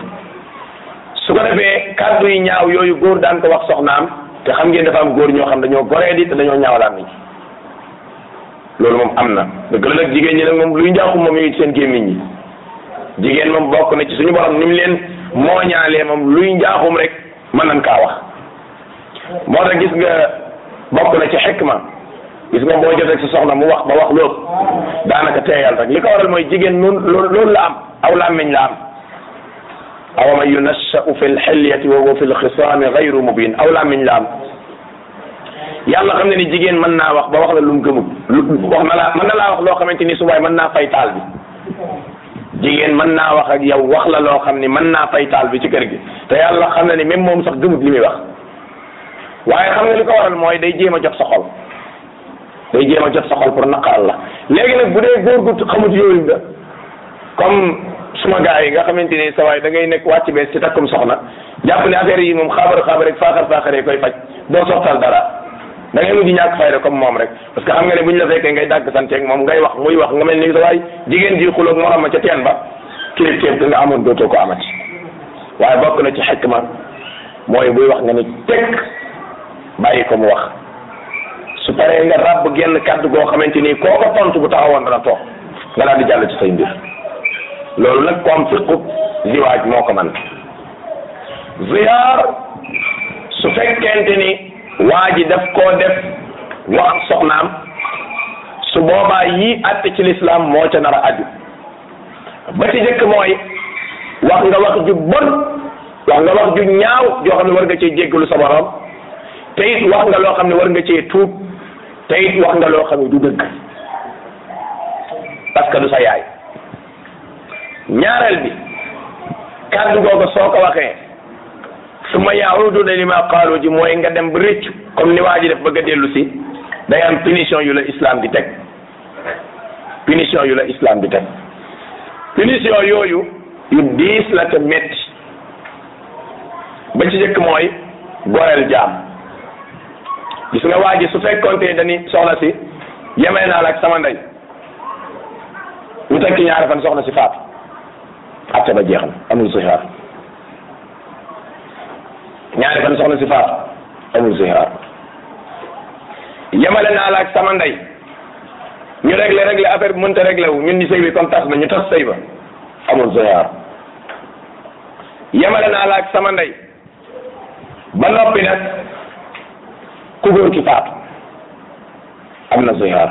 su ko defee kàddu yi ñaaw yooyu góor daan ko wax soxnaam te xam ngeen dafa am góor ñoo xam dañoo goree di te dañoo ñaawalaat nit ñi loolu moom am na dëgg la nag jigéen ñi nag moom luy njaaxum moom ñu seen gémmiñ ñi jigéen moom bokk na ci suñu borom ni mu leen mooñaalee moom luy njaaxum rek man nañ kaa wax moo tax gis nga bokk na ci ma gis nga boo jot rek soxna mu wax ba wax loolu daanaka teeyal rek li ko waral mooy jigéen noonu loolu la am aw làmmiñ la am aw man yunassau fi lxilyati wa huwa fi lxisaami gayru mubin aw làmmiñ la am yàlla xam ne ni jigéen mën naa wax ba wax la lu mu wax na laa man na laa wax loo xamante ni subaay mën naa fay taal bi jigéen mën naa wax ak yow wax la loo xam ni mën naa fay taal bi ci kër gi te yàlla xam na ni même moom sax gëmut li muy wax waaye xam nga li ko waral mooy day jéem a jot sa xol day jéem a jot sa xol pour naqaral la léegi nag bu dee góor gu xamut suma gars yi nga xamante ni sawaay da ngay nekk wàcc bees ci takkum soxna jàpp ne affaire yi moom xaabar xaabar rek faaxar faaxar yi koy faj doo soxtal dara da ngay mujj ñàkk fayda comme moom rek parce que xam nga ne bu ñu la fekkee ngay dàgg santeeg moom ngay wax muy wax nga mel ni sa waay jigéen ji xuloog moo xam ca teen ba kilib kéeb da nga amoon dootoo ko amati waaye bokk na ci xikma mooy buy wax nga ne tekk bàyyi ko mu wax su paree nga ràbb genn kàddu goo xamante ni ko tontu bu taxawoon dana toog nga daal di jàll ci say mbir loolu nag koom fiqub ziwaaj moo ko man ziyaar su fekkent ni waa ji daf koo def wax soxnaam su boobaa yii àtte ci lislaam moo ca nar a aju ba ci jëkk mooy wax nga wax ju bon wax nga wax ju ñaaw joo xam ne war nga cee jéggalu sa borom te wax nga loo xam ne war nga cee tuub te it wax nga loo xam ne du dëgg parce du sa yaay ñaareel bi kàddu googu soo ko waxee su ma yaawuduna li ma qaalu ji mooy nga dem ba rëccu comme ni waa ji def bëgg a dellu si day am punition yu la islam di teg punition yu la islam di yooyu yu diis la te metti ba ci jëkk mooy goreel jaam gis nga waa ji su fekkoonte dañuy soxla si yemee naa la ak sama ndey ñu tekki ñaari fan soxna si faatu atte ba jeex na amul zihar ñaari fan soxna si faatu amul zihar yemale naa la ak sama ndey ñu réglé réglé affaire bi mënta réglé wu ñun ñu sëy bi comme ñu tas sëy ba amul zihar yemale naa la ak sama ndey ba noppi ku góor ki faatu am na zihar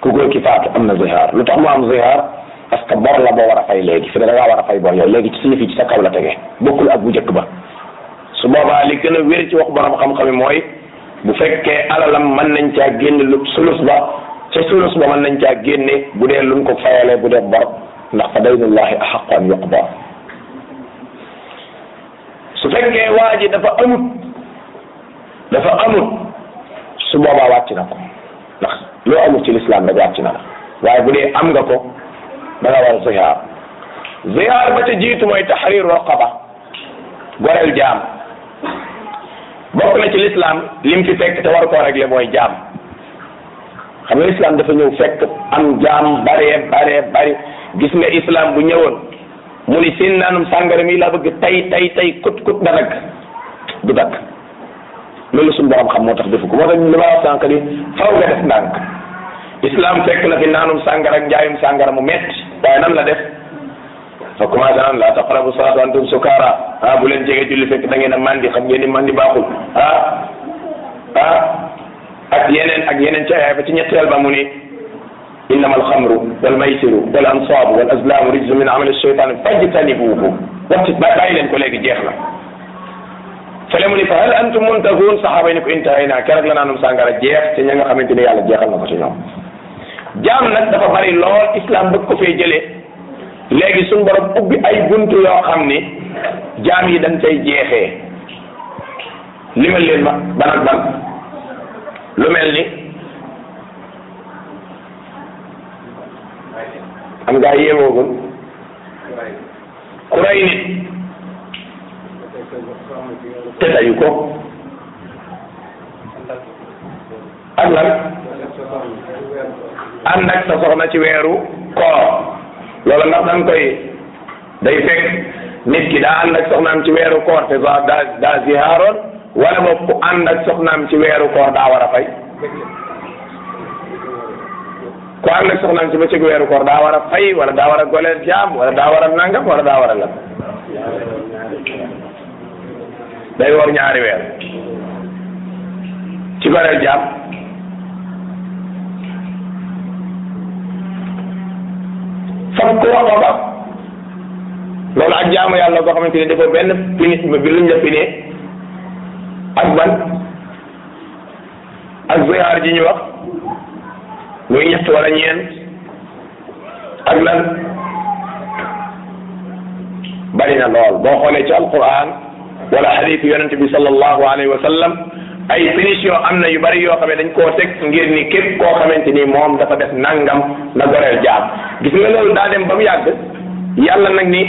ku góor ki faatu am na zihar lu tax mu am zihar parce que bor la boo war a fay léegi fi ne da ngaa a fay bor yow léegi ci suñu fii sa kaw la tege bokkul ak bu njëkk ba su boobaa li gën a wér ci wax borom xam-xami mooy bu fekkee alalam man nañ caa génne lu sulus ba ca sulus ba mën nañ caa génne bu dee luñ ko fayalee bu dee bor ndax fa daynullahi axaqu an yuqda su fekkee waa ji dafa amut dafa amut su boobaa wàcc na ko ndax loo amut ci lislaam rek wàcc na la waaye bu dee am nga ko da nga zihaar zihaar ba ca jiitu mooy tahrir raqaba goreel jaam bokk na ci l'islam lim fi fekk te war koo régler mooy jaam xam nga islam dafa ñëw fekk am jaam bare bare bari gis islam bu ñëwoon mu ni seen naanum sàngara mi laa bëgg tay tay tay kut kut da dagg du dagg loolu suñu moo tax defu ko moo tax li ma wax sànq ni islam fekk na fi naanum sàngara ak mu met waaye nan la def soo commencé naan laa taqrabu salaat wa antum sukaara ah bu leen jege julli fekk da ngeen a mandi xam ngeen ni mandi baaxul ah ah ak yeneen ak yeneen ci ay ba ci ñetteel ba mu ni innama alxamru wal maysiru wal ansaabu wal azlaamu rijsu min amali shaytaan fajtanibuuhu waxtu bàyyi leen ko léegi jeex na fële mu ni fa hal antum muntahuun saxaaba yi ni ko intahayna keroog la naanum sàngara jeex ci ña nga xamante ni yàlla jeexal na ko ci ñoom jaam nag dafa bari lool islam bëgg ko fee jële léegi suñu borom ubbi ay buntu yoo xam ni jaam yi dañ cay jeexee limal leen ma ban ban lu mel ni am ngaa yéemoogul ku rey nit te dayu ko ak lan ànd ak sa soxna ci weeru koor loolu ndax da koy day fekk nit ki daa ànd ak soxnaam ci weeru koor te daa daa wala boog ku ànd ak soxnaam ci weeru koor daa war a fay ku ànd ak soxnaam ci bëccëg weeru koor daa war a wala daa war a goleel jaam wala daa war a nangam wala daa war a lan day war ñaari weer ci goleel jaam sab ko wax ba loolu ak jaamu yàlla boo xamante ne dafa benn finis bi luñ la finee ak ban ak ziyaar ji ñu wax muy ñett wala ñeent ak bari na lool boo xoolee ci alquran wala xadiisu yonente bi sallallahu alayhi wa sallam ay pétition am na yu bari yoo xam ne dañ koo teg ngir ni képp koo xamante ni moom dafa def nangam na goreel jaam gis nga loolu daa dem ba mu yàgg yàlla nag ni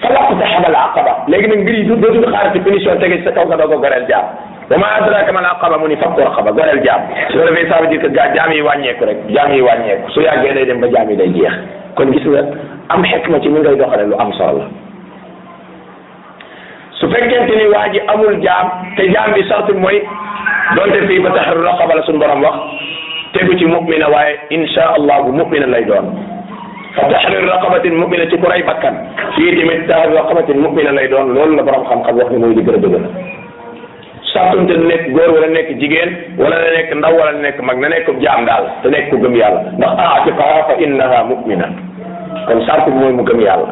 fa waqta xabal aqaba léegi nag mbir yi du dootul xaarati pétition tege ci sa kaw nga doog a goreel jaam wa ma adraka mal aqaba mu ni fakku raqaba goreel jaam su ko defee ça veut dire que gaa jaam yi wàññeeku rek jaam yi wàññeeku su yàggee day dem ba jaam yi day jeex kon gis nga am xekma ci ni ngay doxale lu am solo la su fekkente ni waa ji donte fi ba taxir raqaba la sun borom wax tegu ci mu'mina waaye insha allah bu mu'mina lay doon fa taxrir raqabatin mu'mina ci ku ray bakkan fii tamit taxrir raqabatin mu'mina lay doon lol la borom xam-xam wax ni moy di gën a dëgër sàttunte na góor wala nek jigen wala na nekk ndaw wala nek mag na nek jam dal te nek ko gëm yàlla ndax a ci fa innaha mu'mina kon sart moy mu gëm yàlla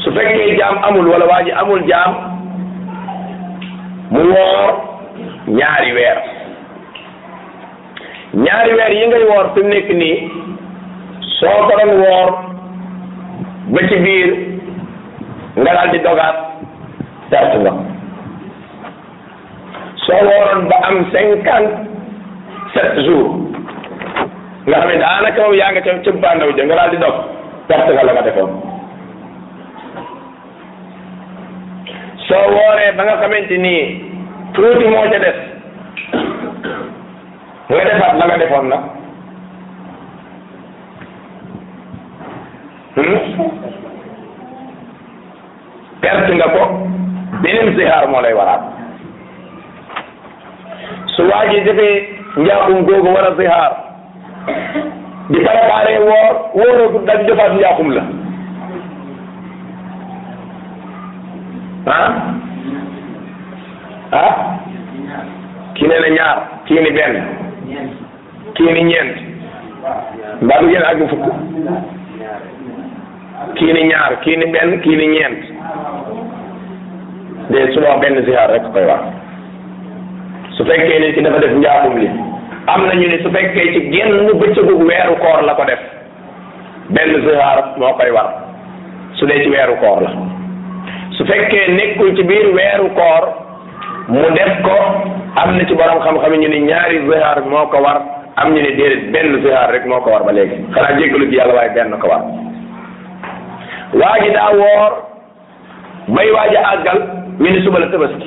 su fekkee jaam amul wala waa amul jaam mu woor ñaari weer ñaari weer yi ngay woor fi mu soo ko woor ba ci biir nga daal di dogaat perte nga soo wooroon ba am cinquante sept jours nga xam ne daanaka moom yaa nga ca ca bandaw nga daal di dog perte nga la nga defoon soo wooree ba nga xamante nii tuuti moo ca des nga defaat la nga defoon nag hmm? perte nga ko beneen zihaar moo lay waraat su waajee defee njaaxum googu war a zihaar di préparé woor wóoragul daal di defaat njaaxum la ah ah kii nee na ñaar kii ni benn kii ni ñeent mbaa du ngeen àgg kii ni ñaar kii ni benn kii ni ñeent de su ma wax benn ziar rek koy wax su fekkee nit ki dafa def njaaxum li am na ñu ne su fekkee ci genn bëccëgu weeru koor la ko def benn ziar moo koy war su dee ci weeru koor la su fekkee nekkul ci biir weeru koor mu def ko am na ci borom xam-xam ñu ne ñaari zihaar moo ko war am ñu ne déedéet benn zihaar rek moo ko war ba léegi xanaa jéggalu ci yàlla waaye benn ko war waa ji daa woor bay waaj a àggal ñu ne suba la tabaski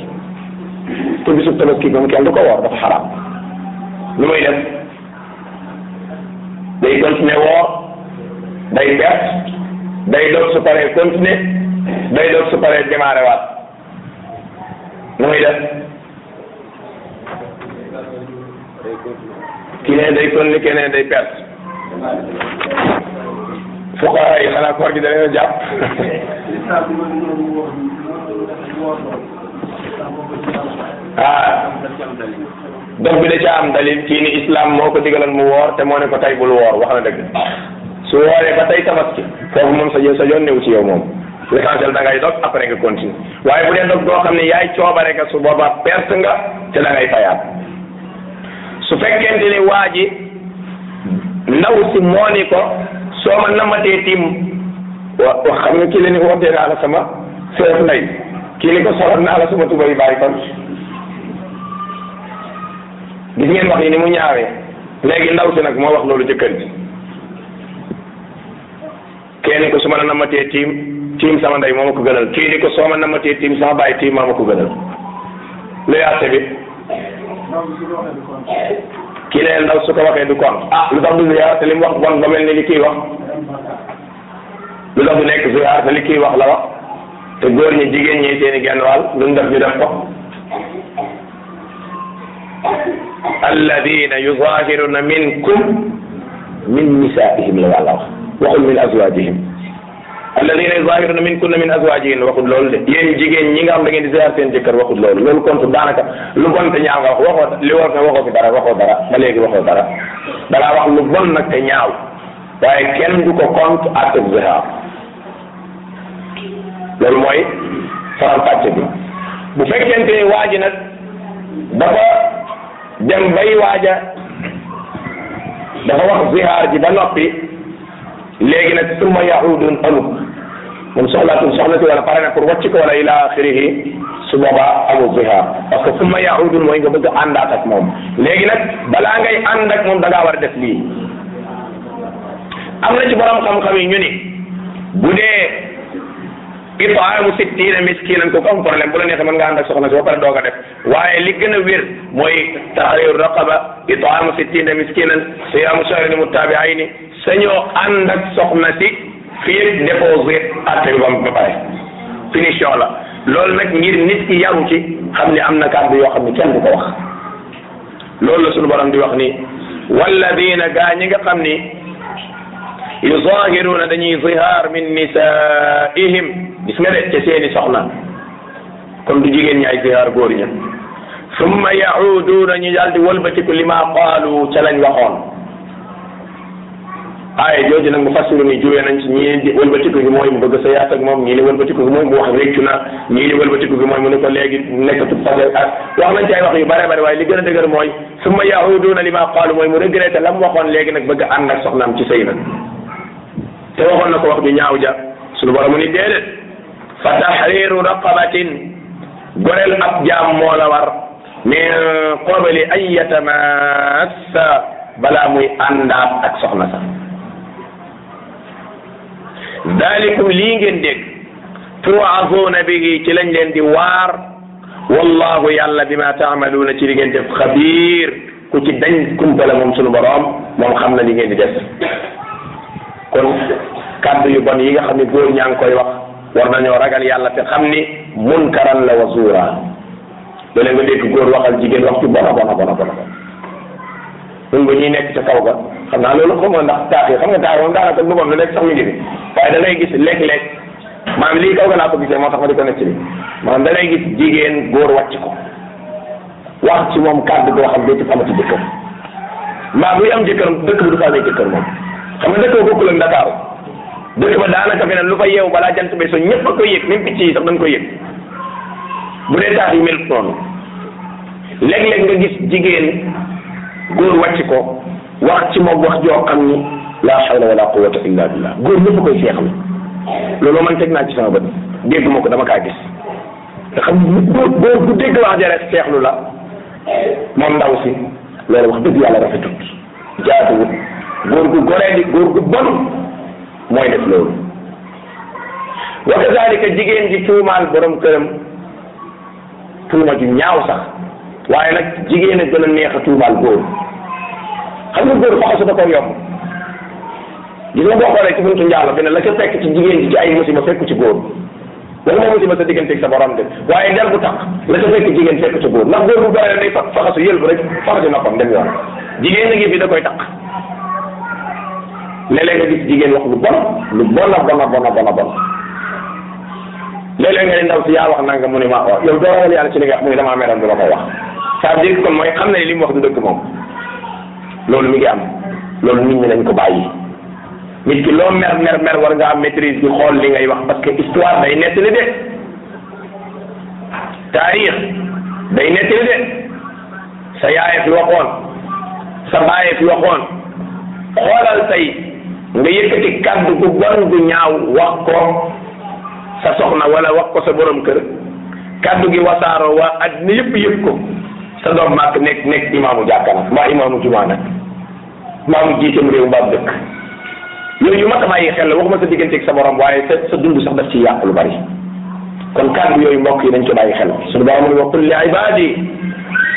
te bisub tabaski moom kenn ko woor dafa xaraam lu muy def day continuer woor day perte day doog su paree day doog su paree démarrer waat nu muy def kon ni keneen day perte fuqaraa yi xanaa koor gi da leen a jàpp ah dof bi da ca am dalil ci ni islam moo ko digaloon mu woor te moo ne ko tey bul woor wax na dëgg su wooree ba tey tabaski foofu moom sa sa yoon néew ci yow moom l'essentiel da ngay dog après nga continue waaye bu dee dog boo xam ne yaay coobare ka su boobaa perte nga te da ngay fayaat su fekkente ni waa ji ndaw si moo soo ma namatee tim wa wax xam nga kii la ni naa la sama seef ndey kii ni ko solot naa la sama tuba yi bàyyi kon gis ngeen wax yi ni mu ñaawee léegi ndaw si nag moo wax loolu jëkkër ji ko su ma la namatee tiim tiim sama ndey moo ma ko gënal kii ni ko soo ma namatee tiim sama bàyyi tiim maa ko gënal lu yaate bi kii ne ndaw su ko waxee du ko am ah lu tax du ziyaar te li mu bon ba ni li kii wax du nekk ziyaar te li kii wax la wax te góor ñi jigéen ñi seeni genn wàll lu mu min nisaihim la yàlla wax waxul min azwajihim alladina zahiruna minkunna min azwajihin waxut loolu de yéen jigéen ñi nga xam da ngeen di ziar seen jëkkër waxut loolu loolu kontu daanaka lu bon te ñaaw nga waxoo li war na dara waxoo dara wax lu bon nag te ñaaw waaye kenn du ko compte ak ziar loolu mooy faram-fàcce bi bu fekkente ni waa ji nag dafa dem bay waaja dafa wax ziar ji ba léegi nag summa yahudun amut moom soxlaatul soxna si wala pare na pour wàcc ko wala ila axirihi su boobaa amut zihaar parce que summa yahudun mooy nga bëgg àndaat ak moom léegi nag balaa ngay ànd ak moom da ngaa war a def lii am na ci borom xam-xam yi ñu ni bu dee itaamu sittiina miskinan ko am problème bu la neexee mën nga ànd ak soxna si ba pare doog a def waaye li gën a wér i tahriru raqaba itaamu sittiina miskinan siyaamu shahrin mutaabiayni sañoo ànd ak soxna si fii déposé àtte bi ba pare finition la loolu nag ngir nit ki ci xam ni am na kàddu yoo xam ne kenn du ko wax loolu la suñu borom di wax ni walladina gaa ñi nga xam ni yuzahiruuna dañuy zihaar min nisaihim gis nga de ca seeni soxna kon du jigéen ñi ay zihaar góor ña summa yahuduuna ñu daal di walbatiku li ma qaalu ca lañ waxoon aaye jooju nag mu fassiru ni juwee nañ ci ñii di wëlbatiku gi mooy mu bëgg sa yaat ak moom ñii di wëlbatiku gi mooy mu wax réccu na ñii di wëlbatiku gi mooy mu ne ko léegi nekkatu fase ak wax nañ ci ay wax yu bare bare waaye li gën a dëgër mooy summa yahuduuna li ma qaalu mooy mu regretté ay mu waxoon léegi nag bëgg a ci sëy nag te waxoon na ko wax ju ñaaw ja suñu borom mu ni déedéet fa tahriru raqabatin goreel ab jaam moo war min qabli an yatamassa balaa muy àndaat ak soxna sax daalikum lii ngeen dégg tuwaasuuna bihi ci lañ leen di waar wallahu yàlla bima taamaluuna ci li ngeen def xabiir ku ci dañ kumpale moom sunu boroom moom xam na li ngeen di def kon kàddu yu bon yi nga xam ne góor ñaa ngi koy wax war nañoo ragal yàlla te xam ni munkaran la wa zuura léeg-léeg nga dégg góor waxal jigéen wax ci bona bona bona bona muy ba ñuy nekk ca kaw ga xam naa loolu xamoo ndax taax yi xam nga taax moom daanaka lu moom lu nekk sax mi ngi fi waaye da ngay gis léeg-léeg maanaam lii kaw ga laa ko gisee moo tax ma di ko nekk ci li maanaam da gis jigéen góor wàcc ko wax ci moom kàddu goo xam ne ci amati jëkkër mbaa buy am jëkkër dëkk bi du fa amee jëkkër moom xam nga dëkk ba bokkul ak Dakar dëkk ba daanaka feneen lu fa yeewu balaa jant bi so ñëpp a koy yëg même picc yi sax ko koy yëg bu dee taax yi mel noonu léeg-léeg nga góor wàcc ko wax ci moom wax joo xam ni la hawla wala quwata illa billah góor ñëpp koy seexlu loolu man teg naa ci sama bët dégg ma ko dama kaa gis nga xam ni góor góor bu dégg wax ja seexlu la moom ndaw si loolu wax dëgg yàlla rafetut jaatuwut góor gu goree di góor gu bon mooy def loolu wa kazalika jigéen ji tuumaal borom këram tuuma ju ñaaw sax waaye nag jigéen a gën a neex a tuumaal góor xam nga góor faxasu da ko yomb gis nga la ca fekk ci jigéen ji ci ay musiba fekku ci góor wala moo musiba sa digganteeg sa borom de waaye der bu tax la ca fekk jigéen fekku ci góor ndax góor bu bari day fa faxasu yëlbu rek faxasu noppam dem jigéen a ngi fi da koy taq nga jigéen wax lu bon lu bon a bon na bon a bon nga ne si yaa wax nanga mu ma oh, yow doo yàlla ci li nga mu ne damaa la ko wax sa veut dire kon mooy xam na ne li mu wax du dëgg moom loolu mi ngi am loolu nit ñi nañ ko bàyyi nit ki loo mer mer mer war ngaa maîtrise di xool li ngay wax parce que histoire day nettali de taarix day nettali de sa yaay fi waxoon sa baay fi waxoon xoolal tey nga yëkkati kaddu gu bon gu wax ko sa soxna wala wax ko sa borom kër kaddu gi wasaaroo waa àddina yëpp yëpp ko sa doom màkk nekk nekk imaamu jàkka nag mbaa imaamu jumaa nag imaamu jiiteem réew mbaam dëkk yooyu yu mat a bàyyi xel la ma sa digganteeg sa borom waaye sa sa dund sax daf ci yàq lu bari kon kàddu yooyu mbokk yi dañ ko bàyyi xel suñu borom ne wa qul ya ibadi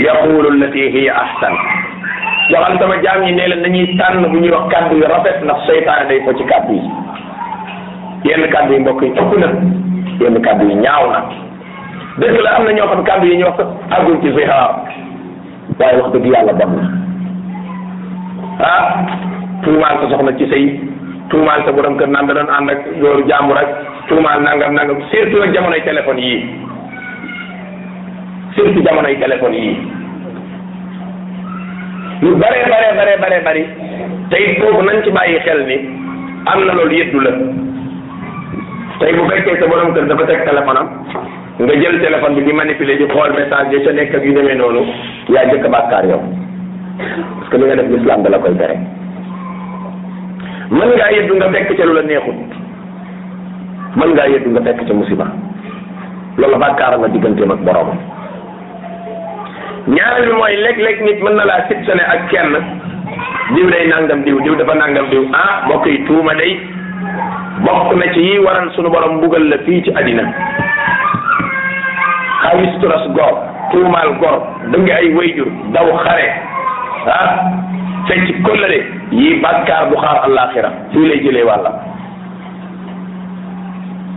yaqulu allati hiya ahsan waxal sama jaam ñi ne leen dañuy tànn bu ñuy wax kàddu yu rafet ndax seytaane day ko ci kàddu yi yenn kàddu yi mbokk yi ëpp na yenn kàddu yi ñaaw na dëgg la am na ñoo xam kàddu yi ñu wax sax àgguñ ci zihaar waaye wax dëgg yàlla bon na ah tuumaal sa soxna ci sëy tuumaal sa borom kër naan da doon ànd ak góoru jàmbur nangam nangam surtout nag jamonoy téléphone yii surtout jamonoy téléphone yi lu bare bare bare bare bari te it boobu nañ ci bàyyi xel ni am na loolu yëddu la tey bu fekkee sa borom kër dafa teg téléphone am nga jël téléphone bi di manipuler di xool message yi ca nekk ak yu demee noonu yaa jëkk bàkkaar yow parce que li nga def l'islam da la koy tere mën ngaa yëddu nga fekk ca lu la neexut mën ngaa yëddu nga fekk ca musiba loolu bàkkaar nga digganteem ak borom ñaareel mooy léeg-léeg nit mën na laa sipsone ak kenn diw day nangam diw diw dafa nangam diw ah mbokk yi tuuma day bokk na ci yi waral sunu borom mbugal la fii ci àddina xawis turas góor tuumaal góor dëng ay wayjur daw xare ah fecc kollëre yi bàkkaar bu xaar àllaaxira fii lay jëlee wàlla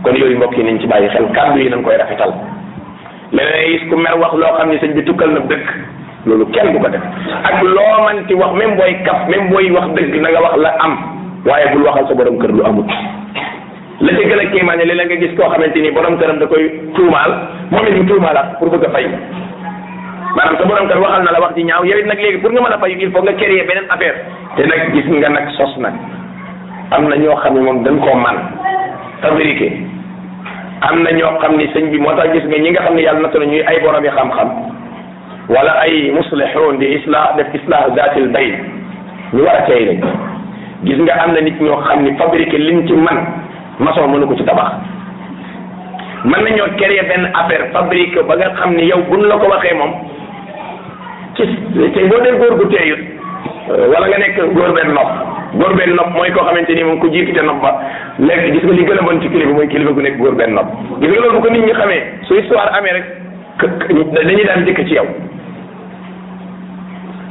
kon yooyu mbokk yi nañ ci bàyyi xel kàddu yi nañ koy rafetal leneen gis ku mer wax loo xam ne sëñ bi tukkal na dëkk loolu kenn du ko def ak loo manti wax même booy kaf même booy wax dëgg na nga wax la am waaye bul waxal sa borom kër lu amut la ca gën a kéemaane léeg-léeg nga gis koo xamante ni borom këram da koy tuumaal moom it mu tuumaalaat pour bëgg a fay maanaam sa borom kër waxal na la wax di ñaaw yow it nag léegi pour nga mën a fay il faut nga créer beneen affaire te nag gis nga nag sos nag am na ñoo xam ne moom dañ koo man fabriqué am na ñoo xam ni sëñ bi moo tax gis nga ñi nga xam ne yàlla natt na ñuy ay borom yi xam-xam wala ay muslihun di islah def islah zaatil bay ñu war a tey lañ gis nga am na nit ñoo xam ni fabriqué liñ ci man maçon mënu ko ci tabax mën nañoo créer benn affaire fabrique ba nga xam ni yow buñ la ko waxee moom ci ci boo dee góor gu teeyut euh, wala nga nekk góor benn nopp góor benn nopp mooy ko xamante ni moom ku jiikite nopp ba léegi gis nga li gën a bon ci kilifa mooy kilifa gu nekk góor benn nopp gis nga loolu bu ko nit ñi xamee su histoire amee rek dañuy daan jëkk ci yow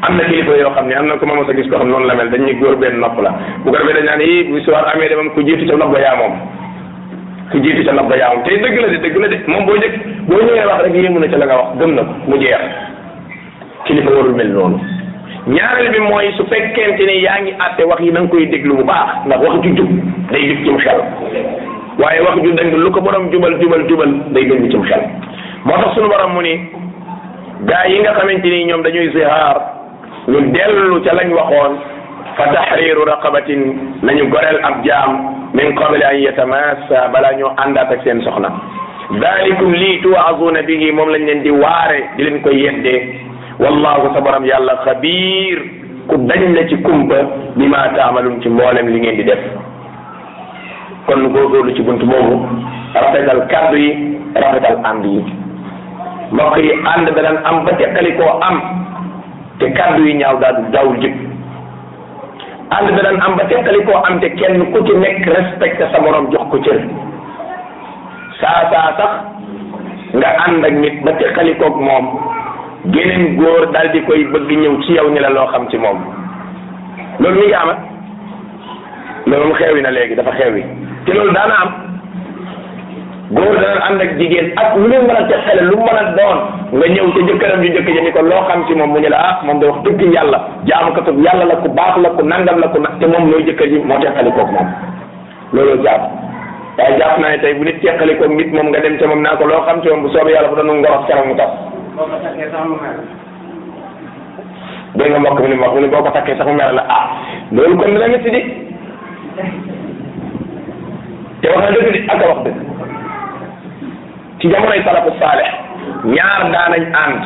am na kilifa yoo xam ne am na ko ma mos a gis ko xam noonu la mel dañuy góor benn nopp la bu ko defee dañ naan yi bu soir amee de moom ku jiitu ca nopp ba yaa moom ku jiitu ca nopp ba yaa moom te dëgg la de moom boo jëkk boo ñëwee wax rek yéemu na ca la nga wax gëm ko mu jeex kilifa warul mel noonu ñaareel bi su fekkente ne yaa ngi àtte wax yi na koy déglu bu baax ndax wax ju jub day jub cim xel waaye wax ju dëng lu ko borom jubal jubal jubal day dëng cim xel moo tax sunu borom mu ni gaa yi nga xamante ni ñoom dañuy zihaar ñu dellu ca lañ waxoon fa tahriru raqabatin nañu goreel ab jaam min qabli an yatamassa balaa ñoo àndaat ak seen soxna dalikum lii tuwaazuna bihi moom lañ leen di waare di leen koy yeddee wallahu sa borom yàlla xabiir ku dañ la ci kumpa bi ma ci mboolem li ngeen di def kon nu góorgóorlu ci bunt boobu rafetal kaddu yi rafetal ànd yi mbokk yi ànd da daan am am te kàddu yu ñaaw daal daawul jëpp ànd bi daan am ba teqali koo am te kenn ku ci nekk respecté sa morom jox ko cër saa saa sax nga ànd ak nit ba teqali koog moom geneen góor daal di koy bëgg ñëw ci yow ni la loo xam ci moom loolu mi ngi amat ah. loolu xewi na léegi dafa xewi te loolu daana am góor dana ànd jigéen ak lu leen a texale lu mën a doon nga ñëw ca jëkkëram ju jëkk ja ni ko loo xam ci moom mu ñu la ah moom da wax dëgg yàlla jaamukatu yàlla la ku baax la ku nangam la ku nag te moom nooy jëkkër ji moo teqali koog moom looloo jàpp waaye naa ne tey bu nit teqali koog moom nga dem ca moom naa ko loo xam ci moom bu soobee yàlla bu doon ngorof keroog mu tax dégg nga mbokk mi ni mu wax mu ni boo ko takkee sax mu mer la ah loolu kon dina métti di te wax na dëgg di ak a wax dëgg ci jamonoy salafu saaleh ñaar daanañ ànd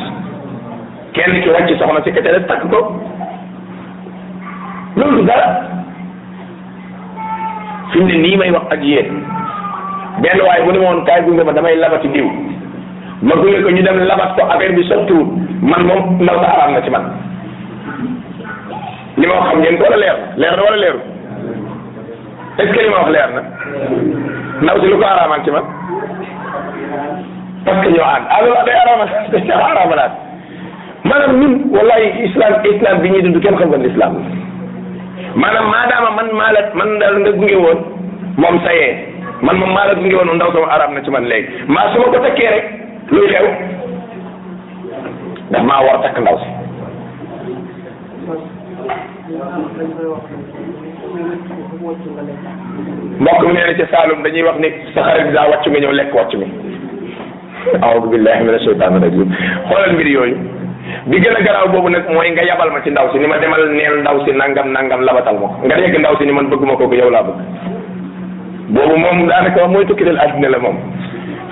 kenn ki wàcc soxna si kete takk ko loolu dara fi nii may wax ak yéen benn waaye bu ne ma woon kaay gunge ma damay labati diw ma gunge ko ñu dem labat ko affaire bi sottiwut man moom ndaw sa na ci man li ma wax xam ngeen ko wala leer leer na wala leeru est ce ma wax leer na ndaw si lu ko araamal ci man parce que ñoo ànd ànd la day araama day araama naan maanaam ñun wallahi islam islam bi ñuy dund kenn xam kon islam maanaam maadaama man maa man nga gunge woon moom sayee man moom maa la gunge woon ndaw sama na ci man léegi maa su ma ko takkee luy xew ndax maa war takk ndaw si mbokk na ca Saalum dañuy wax ni sa xarit daa wàcc nga ñëw lekk wàcc mi aoudu billahi min asheytan rajim xoolal mbir yooyu bi gën a garaaw boobu nag mooy nga yabal ma ci ndaw si ni ma demal neel ndaw si nangam nangam labatal ma nga yegg ndaw si ni man bëgguma kooku yow laa boobu moom daanaka mooy tukki la moom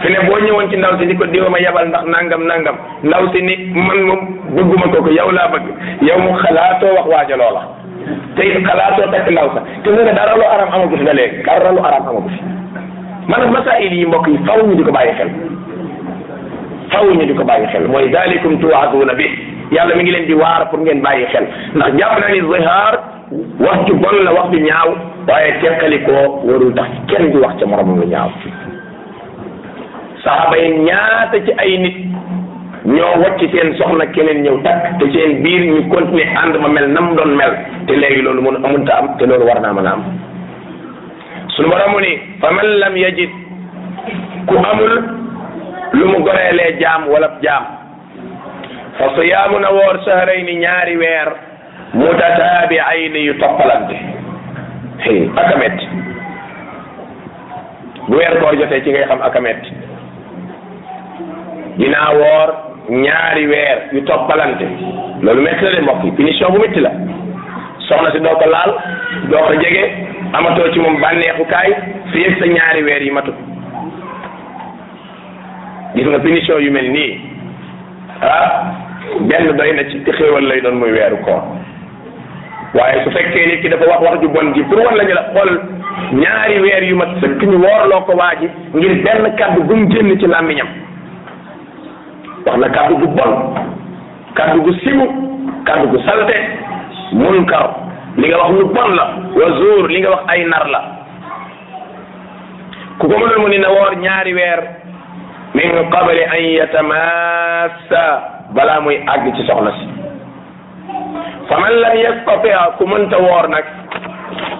fi boo ñëwoon ci ndaw si ni ko ndax nangam nangam ndaw si ni man moom bëgguma kooku yow laa bëgg yow mu xalaatoo wax waaja loola te it xalaatoo takk ndaw sa te nga dara lu aram amagu fi ba léegi dara lu aram amagu fi maanaam masaayil yi mbokk yi faw ñu di ko bàyyi xel faw ñu di ko bàyyi xel mooy dalikum tuwaaduuna bi yàlla mi ngi leen di waar pour ngeen bàyyi xel ndax jàpp naa ni zihaar wax ju bon la wax ju ñaaw waaye teqalikoo warul tax kenn di wax ca moromam lu ñaaw saxaaba yi ñaata ci ay nit ñoo wacc seen soxna keneen ñëw takk te seen biir ñu continuer ànd ma mel na mu doon mel te léegi loolu mun amunta am te loolu war naa mën am suñu boromu ni fa man lam yajid ku amul lu mu goreelee jaam wala jaam fa siyaamu na woor sahrayni ñaari weer mutataabiayni yu toppalante akamet bu weer koor jotee ci ngay xam akamet dinaa woor ñaari weer yu toppalante loolu métti la de mbokk yi punition bu métti la soxna si doo ko laal doo ko jege amatoo ci moom bànneexukaay fii ak sa ñaari weer yi matut gis nga finition yu mel nii ah benn doy na ci xéewal lay doon muy weeru koor waaye su fekkee nit ki dafa wax wax ju bon gi pour wan la la xool ñaari weer yu mat sëkk ñu woorloo ko waa ji ngir benn kàddu bu mu génn ci làmmiñam wax na kàddu gu bon kàddu gu simu kàddu gu salte kaw li nga wax lu bon la wa li nga wax ay nar la ku ko mënul mu ni na woor ñaari weer من قبل أن يتماس بلا موي أجل تسوحنا فمن لم يستطع كمن تورنك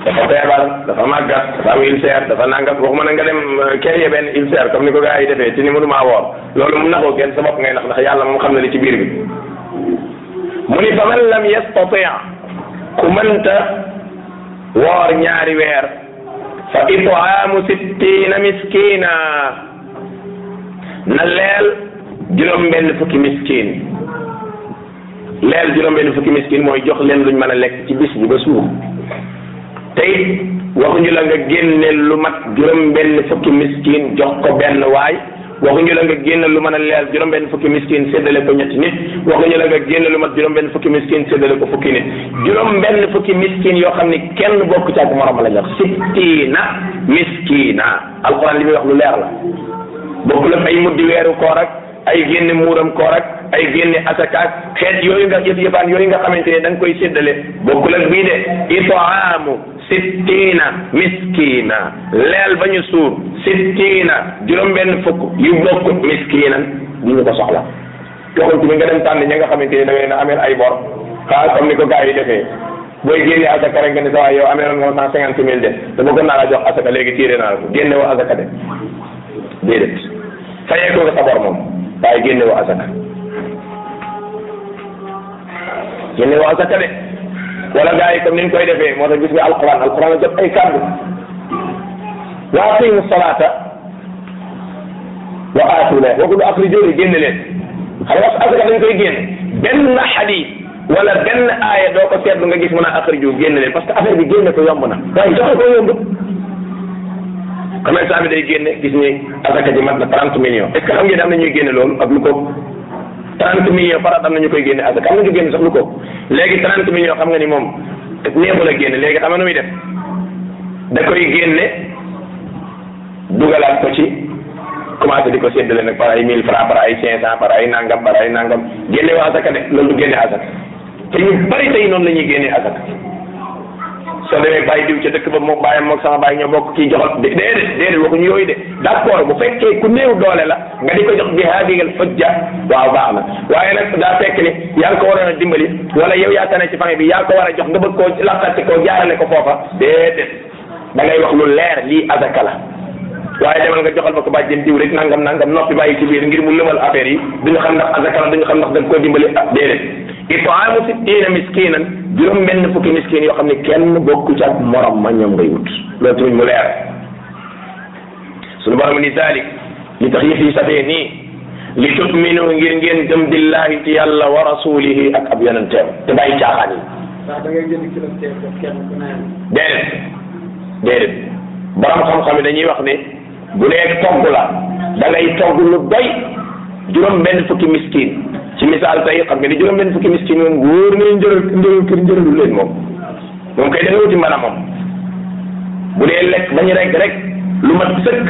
تفتيبال تفمك تفمي إلسير تفنانك وهم نغدم كيه بين إلسير كم نكو غاية دفع تنمو ما وار لولو منه وكين سبب غير نخلق يا الله ممخم نلي تبير مني فمن لم يستطع كمن تور نياري وير فإطعام ستين مسكينا na leel juróom-benn fukki miskin leel juróom-benn fukki miskin mooy jox leen luñ mën a lekk ci bis bi ba suur te it waxuñu la nga génne lu mat juróom-benn fukki miskin jox benn waay waxuñu la nga génne lu mën a leel juróom-benn fukki miskin séddale ko ñetti nit waxuñu la nga génne lu mat juróom-benn fukki miskin séddale ko fukki nit juróom-benn fukki miskin yoo xam ni kenn bokk ci ak morom la jox sittiina miskina alquran li muy wax lu leer la bokkul ak ay muddi weeru koor ak ay génne muuram koor ak ay génne asaka ak xeet yooyu nga yëf yëfaan yooyu nga xamante ne da nga koy séddale bokkul ak bii de itaamu sittina miskina leel ba ñu suur sittina juróom-benn fukk yu bokk miskina ñu ñu ko soxla yoxantu bi nga dem tànn ña nga xamante ne da ngay ne ay bor xaa comme ni ko gars yi defee booy génne asaka rek nga ne sa waay yow ameeloon nga ma cent cinquante de dama gën naa jox asaka léegi tiiree naa la génne woo asaka de déedéet fayee ko xabar moom waaye génne wa asaka génne wa asaka de wala gars yi comme ni koy defee moo tax gis nga alquran alquran jot ay kàddu wa aqimu salata wa aatuna waxul akhrijoo génne leen xam nga asaka dañ koy génne benn xadis wala benn aaya doo ko seetlu nga gis mën a axriju génn leen parce que affaire bi génne ko yomb na waaye joxe ko yomb commerçant bi day génne gis ni asaka ji mat na trente millions est ce que xam ngeen am na ñuy génne loolu ak lu ko trente millions farat am na ñu koy génne asaka am na ñu génne sax lu ko léegi trente millions xam nga ni moom neexul a génne léegi xam nga nu muy def da koy génne dugalaat ko ci commencé di ko séddale nag par ay mille francs par ay cinq cent par nangam par ay nangam génne waa asaka de loolu du génne asaka te ñu bari tey noonu la ñuy génne asaka soo demee bàyyi diw ca dëkk ba moom bàyyam moog sama bàyyi ñoo bokk kii yooyu de d' accord bu fekkee ku néew doole la nga di ko jox bi haadigal fajja waaw baax na waaye nag daa fekk ni ko waroon dimbali wala yow yaa tane ci famille bi yaa ngi war a jox nga bëgg koo laxtati koo jaarale ko foofa déedéet da ngay wax lu leer lii azaka la waaye demal nga joxal ma ko bàjjen diw rek nangam nangam noppi bàyyi ci biir ngir mu lëmal affaire yi duñu xam ndax azaka la duñu xam ndax da nga koo dimbali ah, déedéet itaamu sittiina miskinan juróom benn fukki miskin yoo xam ne kenn bokku ci ak morom ma ñoom ngay wut loolu tamit mu leer suñu borom ni dalik li tax yëf yi safee nii li tuminu ngir ngeen gëm billahi ci yàlla wa rasulihi ak ab yonenteem te ay caaxaan yi déedéet déedéet borom xam-xam yi dañuy wax ne bu dee togg la da togg lu doy juróom benn fukki miskin ci misaal tey xam nga ni juróom benn fukki miskin moom wóor na njëral njëral kër njëralu leen moom moom kay da nga wuti mën bu dee lekk ba rek rek lu mat sëkk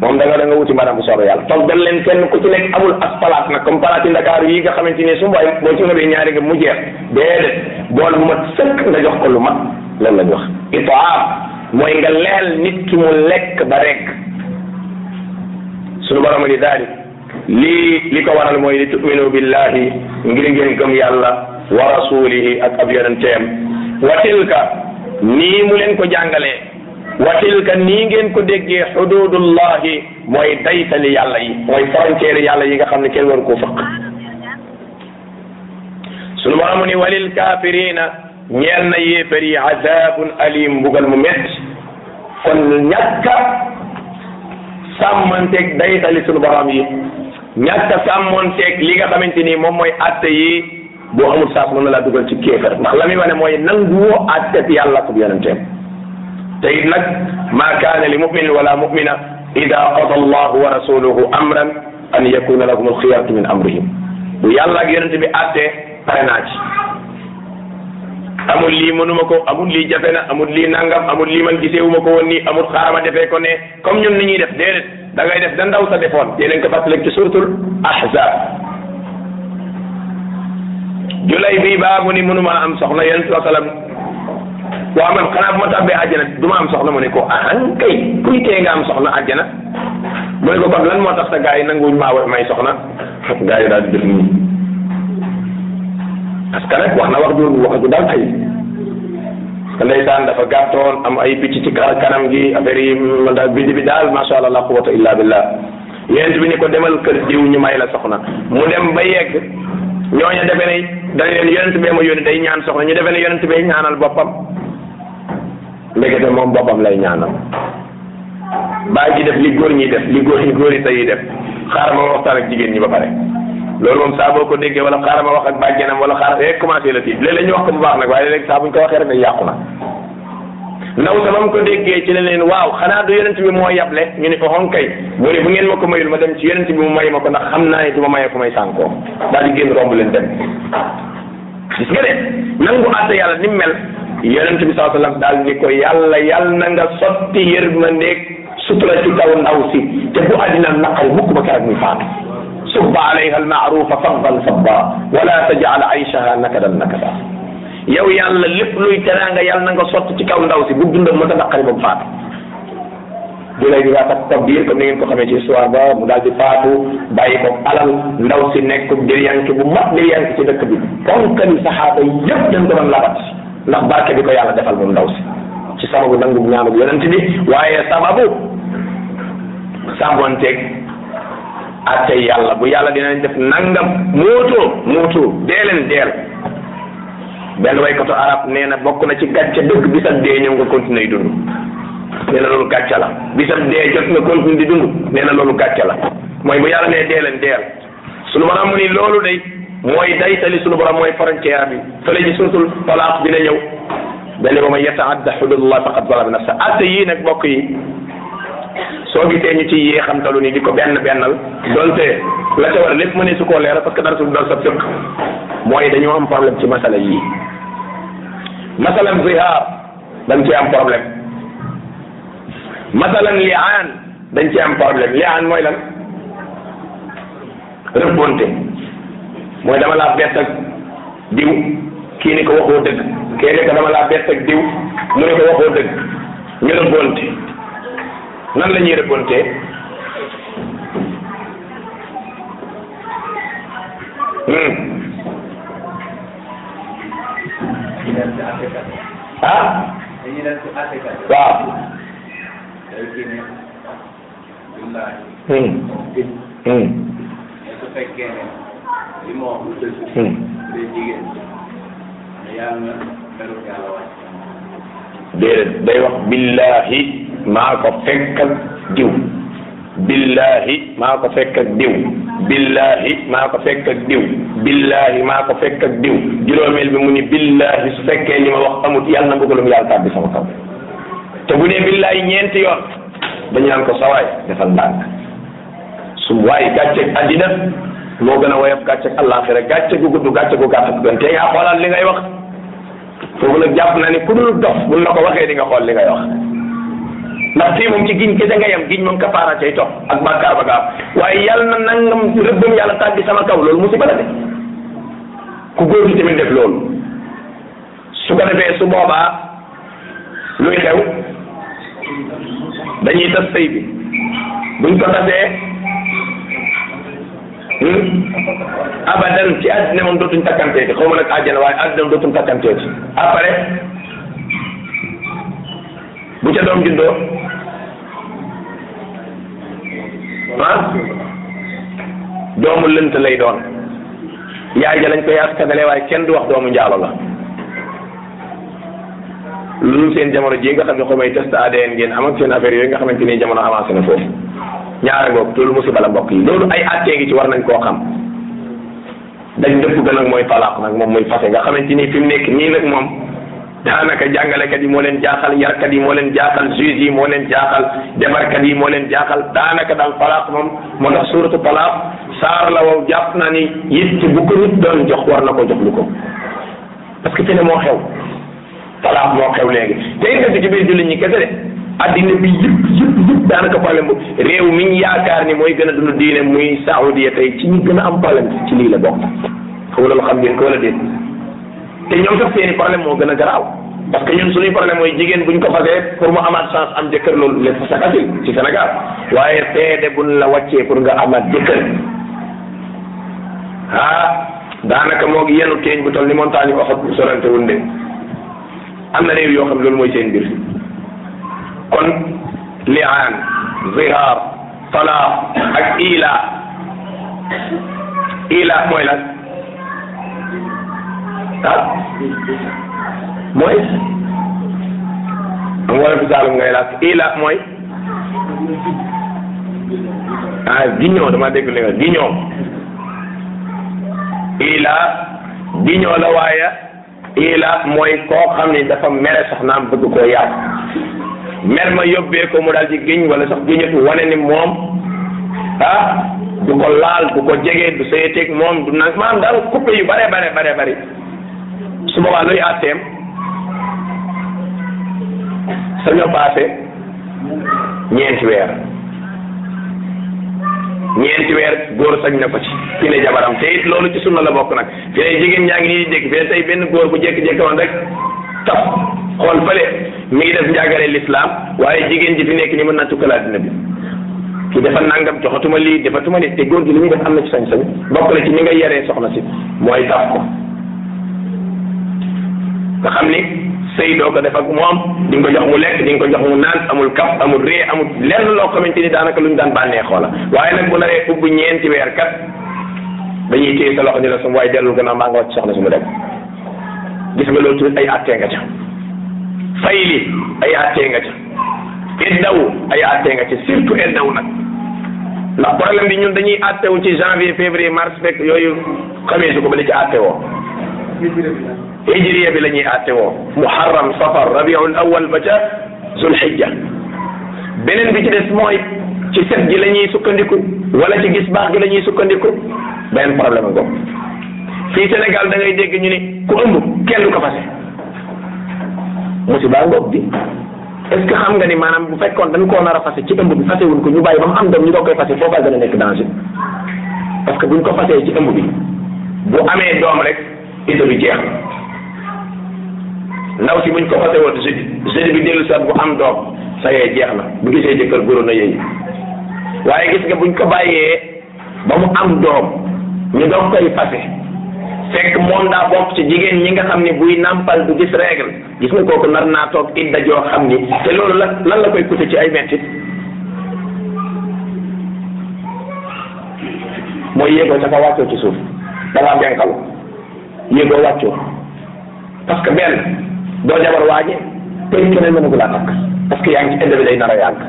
moom da nga da nga wuti mën a bu soobee dal leen kenn ku ci nekk amul as palaas comme palaas Dakar yi nga xamante su ci ñaari nga mu jeex mat nga jox ko lu mat la jox itaab nga leel nit ki mu ba rek borom lii li ko waral mooy li tu'minu billahi ngir ngeen gëm yàlla ak ab wa tilka nii mu leen ko jàngalee wa tilka nii ngeen ko déggee xududullahi mooy daytali yàlla yi mooy frontière yàlla yi nga xam ne kenn waru koo fëq sunu boroom ni walil kafirina ñeel na yéefar yi azabun alim mbugal mu métti kon ñàkka sàmmanteeg daytali sunu boroom yi ñàkk a sàmmoonteeg li nga xamante ni moom mooy atte yi boo amul saas mën laa dugal ci kéefar ndax la muy wane mooy nanguwoo atte yàlla ak yonenteem te it nag maa kaana li muminin wala mumina ida qada allahu wa rasuluhu amran an yakuna lahum alxiyaratu min amrihim bu yàlla ak yonente bi attee pare naa ci amul lii mënuma ko amul lii jafe na amul lii nangam amul lii man giseewuma ko woon nii amul xaarama defee ko ne comme ñun ni ñuy def déedéet da ngay def da ndaw sa defoon ka a ko fàttalik ci suratul ahzab julay bi baabu ni mënumaa am soxna yonent saa sallam waaw man xanaa bu ma tàbbee àjjana du ma am soxna mu ne ko ahan kuy tee am soxna àjjana mu ne ko kon lan moo tax sa gars yi nanguwuñ maa wax may soxna gars yi daal di def wax na wax ju wax ju daal ay ndeysaan dafa gàttoon am ay picc ci kanam gi affaire yi bind bi daal macha allah la quwata illa billah yonent bi ni ko demal kër diw ñu may la soxna mu dem ba yegg ñooñu defe ne dañ leen bee ma yónni day ñaan soxna ñu defe ne yonent bee ñaanal boppam ndekete moom boppam lay ñaanal baa ji def li góor ñi def li góor ñi góor yi tey def xaaral ma waxtaan ak jigéen ñi ba pare loolu moom saa boo ko déggee wala xaaral ma wax ak bàjjenam wala xaaral rek eh, commencé la tiit léeg-léeg ñu wax ko bu baax nag waaye léeg saa buñ ko waxee rek nag yàqu na ndaw sa ba mu ko déggee ci leneen waaw xanaa du yonent bi moo yable ñu ne oxon kay mu ne bu ngeen ma ko mayul ma dem ci yonent bi mu may ma ko ndax xam naa ne du ma mayee ko may sànkoo daal di génn romb leen dem gis nga de nangu àtte yàlla ni mel yonent bi saa sallam daal di ko yàlla yàlla na nga sotti yërmandeeg sutura ci kaw ndaw si te bu àddina naqari mukk ba keroog muy faatu sub alayha almaarufa sabban sabba wala tajal aychaha nakadan nakada yow yàlla lépp luy teraanga yàlla na nga sotti ci kaw ndaw si bu dundam mënta naqari ba mu faatu julay bi daa takk tabbiir comme ni ngeen ko xamee ci histoire ba mu daal di faatu bàyyi ko alal ndaw si nekk diryanke bu mat diryanke ci dëkk bi ponkali saxaaba yëpp dañ ko doon labat ndax barke bi ko yàlla defal moom ndaw si ci sababu nangu ñaanu yonent bi waaye sababu sàmmonteeg àtte yàlla bu yàlla dinañ def nangam mootoo mootoo deeleen deel benn waykatu arab nee na bokk na ci gàcce dëgg bisab dee ñëw nga continuer dund nee na loolu gàcce la bisab dee jot nga continuer di dund nee na loolu gàcce la mooy bu yàlla nee deeleen deel sunu borom mu ni loolu day mooy daytali sunu borom mooy frontière bi fële ji suntul bi dina ñëw benn ba ma yetaadda xududullah faqad zalama nafsa àtte yii nag bokk yi soo gisee ñu ci yee xam talu ni di ko benn bennal donte la ca war lépp mënee su koo leeral que dara su dal sa sëq mooy dañoo am problème ci masala yii masalan zihaar dañ ci am problème li liaan dañ ci am problème liaan mooy lan rëbbonte mooy dama laa bett ak diw kii ni ko waxoo dëgg kii ni ko dama laa bett ak diw mu ne ko waxoo dëgg ñu rëbbonte nan la ñuy répondre hmm. ah waaw hmm. Hmm. déedéet day wax billahi maa ko fekk ak diw billahi maa ko fekk ak diw billahi maa ko fekk ak diw billahi maa ko fekk ak diw juróomeel bi mu ni billahi su fekkee li ma wax amut yàlla na mbugalum yàlla tàbbi sama kaw te bu dee billahi ñeenti yoon dañu naan ko sawaay defal ndànk su waay gàcceeg àddina moo gën a woyof gàcceeg àllaaxira gàcce gu gudd gàcce gu te ngaa xoolaat li ngay wax foofu nag jàpp naa ni ku dul dof buñ la ko waxee di nga xool li ngay wax ndax fii moom ci giñ kese nga yem giñ moom kafaara cay topp ak bàkkaar ba gaaw waaye yàlla na nangam rëbbam yàlla tàgg sama kaw loolu musiba la de ku góor gi tamit def loolu su ko defee su boobaa luy xew dañuy tas sëy bi buñ ko tasee hmm, abadan ci na àddina moom dootuñ takkanteeti xaw ma nag àjjana waaye àddina moom dootuñ takkanteeti après bu ca doom juddoo ah doomu lënt lay doon yaay ja lañ koy askanale waaye kenn du wax doomu njaalo la loolu seen jamono ji nga xam ne xaw may test ADN ngeen am ak seen affaire yooyu nga xamante ni jamono avancé na foofu ñaare goog loolu musiba la mbokk yi loolu ay attee ngi ci war nañ koo xam dañ dëpp ga nag mooy talaax nag moom muy fase nga xamante ni fi mu nekk nii nag moom daanaka jàngalekat yi moo leen jaaxal yarkat yi moo leen jaaxal juge yi moo leen jaaxal defarkat yi moo leen jaaxal daanaka daal talaq moom moo tax suratu talaq saar la wow jàpp naa ni it bu ko nit doon jox war na ko jox lu ko parce que fi moo xew talaq moo xew léegi te it nga bi yëpp yëpp yëpp daanaka problème bu réew mi ñu yaakaar ni mooy gën a dund diine muy Saoudia tey ci ñu gën a am problème ci lii la bokk xawla lu xam ngeen ko wala déet te ñoom sax seeni problème moo gën a garaaw parce que ñun suñuy problème mooy jigéen buñ ko fasee pour mu amaat chance am jëkkër loolu lépp sa facile ci Sénégal waaye seede buñ la wàccee pour nga amaat jëkkër ah daanaka moo ngi yenu teeñ bu toll ni montagne yi waxat sorante wun de am na réew yoo xam loolu mooy seen mbir kon liaan zihaar talaax ak ila ila mooy lan ah mooy am wala bi saalum ngay laaj ila mooy ah dama dégg li nga giñoo ila giñoo la waaye ila mooy koo xam ne dafa mere soxnaam bëgg koo yàq mer ma yóbbee mu dal di giñ wala sax giñatu wane ni moom ah du ko laal du ko jege du sëyeteeg moom du nag maanaam daal coupé yu bare bare bare bari su boobaa luy àtteem sañoo paase ñeenti weer ñeenti weer góor sañ na ko ci fi ne jabaram te it loolu ci sunna la bokk nag fi ne jigéen ñaa ngi nii di dégg fi benn góor bu jékki-jékki woon rek taf xool fële mi ngi def njàngale lislaam waaye jigéen ji fi nekk ni mën naa tukkal àddina bi ki dafa nangam joxatuma lii dafatuma ni te góor gi li muy def am na ci sañ-sañ bokk la ci ni nga yaree soxna si mooy taf ko nga xam ni sëy doo ko def ak moom di nga ko jox mu lekk di nga ko jox mu naan amul kaf amul ree amul lenn loo xamante ni daanaka lu ñu daan bànneexoo la waaye nag bu naree ubbi ñeenti weer kat dañuy téye sa loxo ni la sum waaye dellul gannaaw maa nga wàcc soxna su mu dem gis nga loolu tamit ay attee nga ca fay li ay attee nga ca eddaw ay attee nga ca surtout eddaw nag ndax na bi ñun dañuy attewu ci janvier février mars fekk yooyu xamee su ko ci attewoo hijriya bi la ñuy àtte woo muharram safar rabiul awal ba ca zulhijja beneen bi ci des mooy ci set gi la ñuy sukkandiku wala ci gis baax gi la ñuy sukkandiku beneen problème boobu fii Sénégal da ngay dégg ñu ni ku ëmb kenn du ko fase musiba ngoog bi est-ce que xam nga ni maanaam bu fekkoon dañ koo nar a fase ci ëmb bi fase wuñ ko ñu bàyyi ba mu am doom ñu doo koy fase foofa gën a nekk danger parce que buñ ko fasee ci ëmb bi bu amee doom rek idée bi jeex ndaw si buñ ko xasee woon jeudi jeudi bi dellu saat bu am doom sa jeex na bu gisee jëkkër góor na waaye gis buñ ko bàyyee ba am doom ñu doog koy fase fekk moom daa ci jigéen ñi nga xam ni buy nàmpal du gis règle gis nga kooku nar naa toog te loolu la lan la koy coûter ci ay mettit mooy yéegoo ca fa wàccoo ci suuf da ngaa benkalu yéegoo benn doo jabar waaje te it keneen mënagu laa takk parce que yaa ngi ci ënd bi day nar yàgg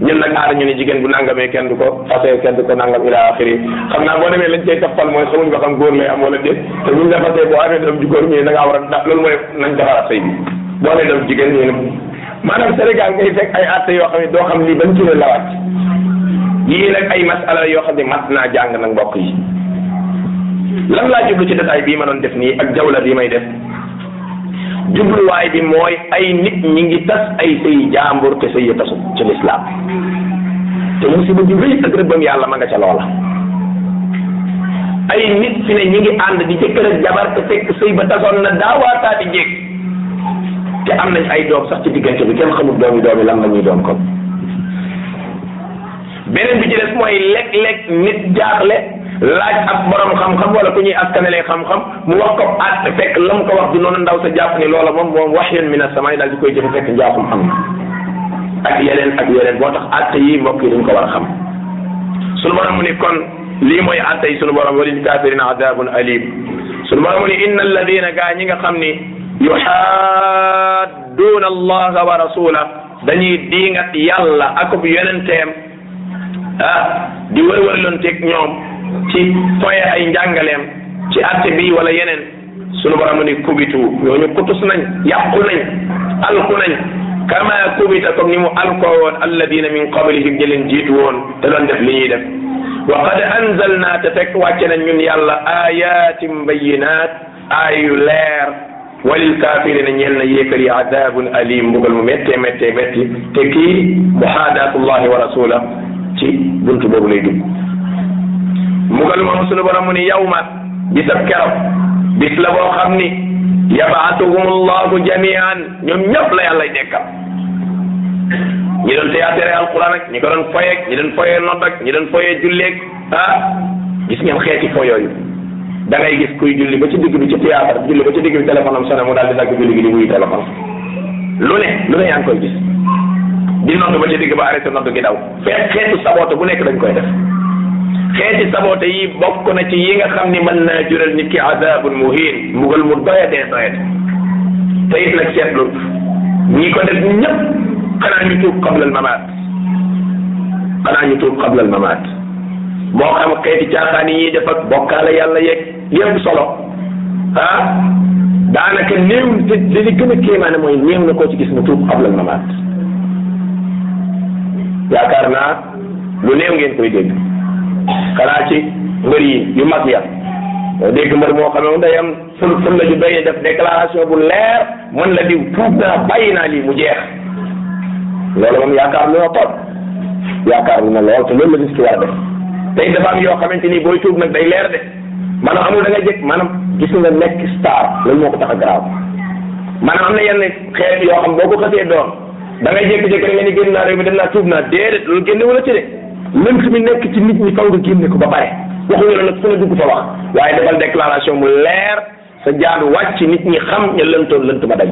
ñun nag aada ñu ne jigéen bu nangamee kenn du ko fasee kenn du ko nangam ila axiri xam naa boo demee lañ cay toppal mooy xamuñ ko xam góor lay am wala déet te buñ la ne da a da loolu mooy jigéen maanaam Sénégal ngay fekk ay atte yoo xam ne doo xam lii ban ci la wàcc yii nag ay masala yoo xam ne mat naa jàng nag mbokk yi lan laa jublu ci détail bii ma doon def nii ak jawla bii may def jubluwaay bi mooy ay nit ñi ngi tas ay sëy jaambur te sëy ya tasu ci lislaam te musiba ju ak rëbbam yàlla ma nga ca loola ay nit fi ne ñi ngi ànd di jëkkër ak jabar te sëy ba tasoon na daawaataa di jéeg te am nañ ay doom sax ci diggante bi kenn xamul doomi doomi lan la ñuy doon kon beneen bi ci des mooy lekk lekk nit jaaxle laaj ak borom xam-xam wala ku ñuy askanale xam-xam mu wax ko at fekk lam ko wax di noonu ndaw sa jàpp ni loola moom moom wax yéen mina samaay daal di koy jëf fekk njaaxum am ak yeneen ak yeneen boo tax at yi mbokk yi dañ ko war a xam sunu borom mu ni kon lii mooy at yi sunu borom walil kafirina adabun alim sunu borom mu ni inna alladina gaa ñi nga xam ni yuhadduna allaha wa rasulah dañuy diingat yàlla akub yonenteem دي di wërwërlonteeg ñoom ci foye ay njàngaleem ci atte bi wala yeneen sunu borom ni kubitu ñooñu kutus nañ yàqu nañ alku nañ kama kubita comme ni mu alkoo woon alladina min qablihim ñi leen jiitu woon te doon def li ñuy def wa qad te fekk wàcce nañ yàlla ayatin bayinat ayu leer walil kafirina ñeel na yéefar yi adabun alim mbugal mu méttee méttee métti te kii muhaadatullahi wa rasula ci buntu boobu lay mbugal moom sunu borom mu ni yawma bisab keroog bis la boo xam ni yabaatuhum allahu jamian ñoom ñëpp la yàlla dekkal ñi doon théâtre alquran ak ñi ko doon foyeek ñi doon foyee nodd ak ñi doon foyee julleeg ah gis ngeen xeeti fo yooyu da ngay gis kuy julli ba ci digg bi ci théâtre julli ba ci digg bi téléphone am sonné mu daal di dagg julli gi di wuyu téléphone lu ne lu ne yaa ngi koy gis di nodd ba ci digg ba arrêté nodd gi fekk xeetu saboote bu nekk dañ koy def xeeti saboote yi bokk na ci yi nga xam ni man naa jural nit ki azabun muhin mbugal mu doyatee doyate te it nag seetlu ñi ko def ñëpp xanaa ñu tuub qabla al mamaat xanaa ñu tuub qabla al mamaat moo xam xeeti caaxaan yi ñuy def ak bokkaale yàlla yeeg yëpp solo ah daanaka néew te li gën a kéemaane mooy néew na koo ci gis mu tuub qabla al mamaat yaakaar naa lu néew ngeen koy dégg. xanaa ci mbër yu mag ya dégg mbër moo xam ne day am ful ful la ju doyee def déclaration bu leer mën la di tuub naa bàyyi naa lii mu jeex loolu moom yaakaar lu ma toog yaakaar lu na lool te loolu la gis ci war a def tey dafa am yoo xamante ni booy tuub nag day leer de maanaam amul da nga jëkk maanaam gis nga nekk star loolu moo ko tax a garaaw maanaam am na yenn xeet yoo xam boo ko xasee doon da ngay jékki da nga ni génn naa réew mi dem naa tuub naa déedéet loolu génne wala te de lënt mi nekk ci nit ñi faw nga génne ko ba pare waxuñu la nag fu la dugg fa wax waaye defal déclaration mu leer sa jaadu wàcc nit ñi xam ña lëntoon lënt ma dañ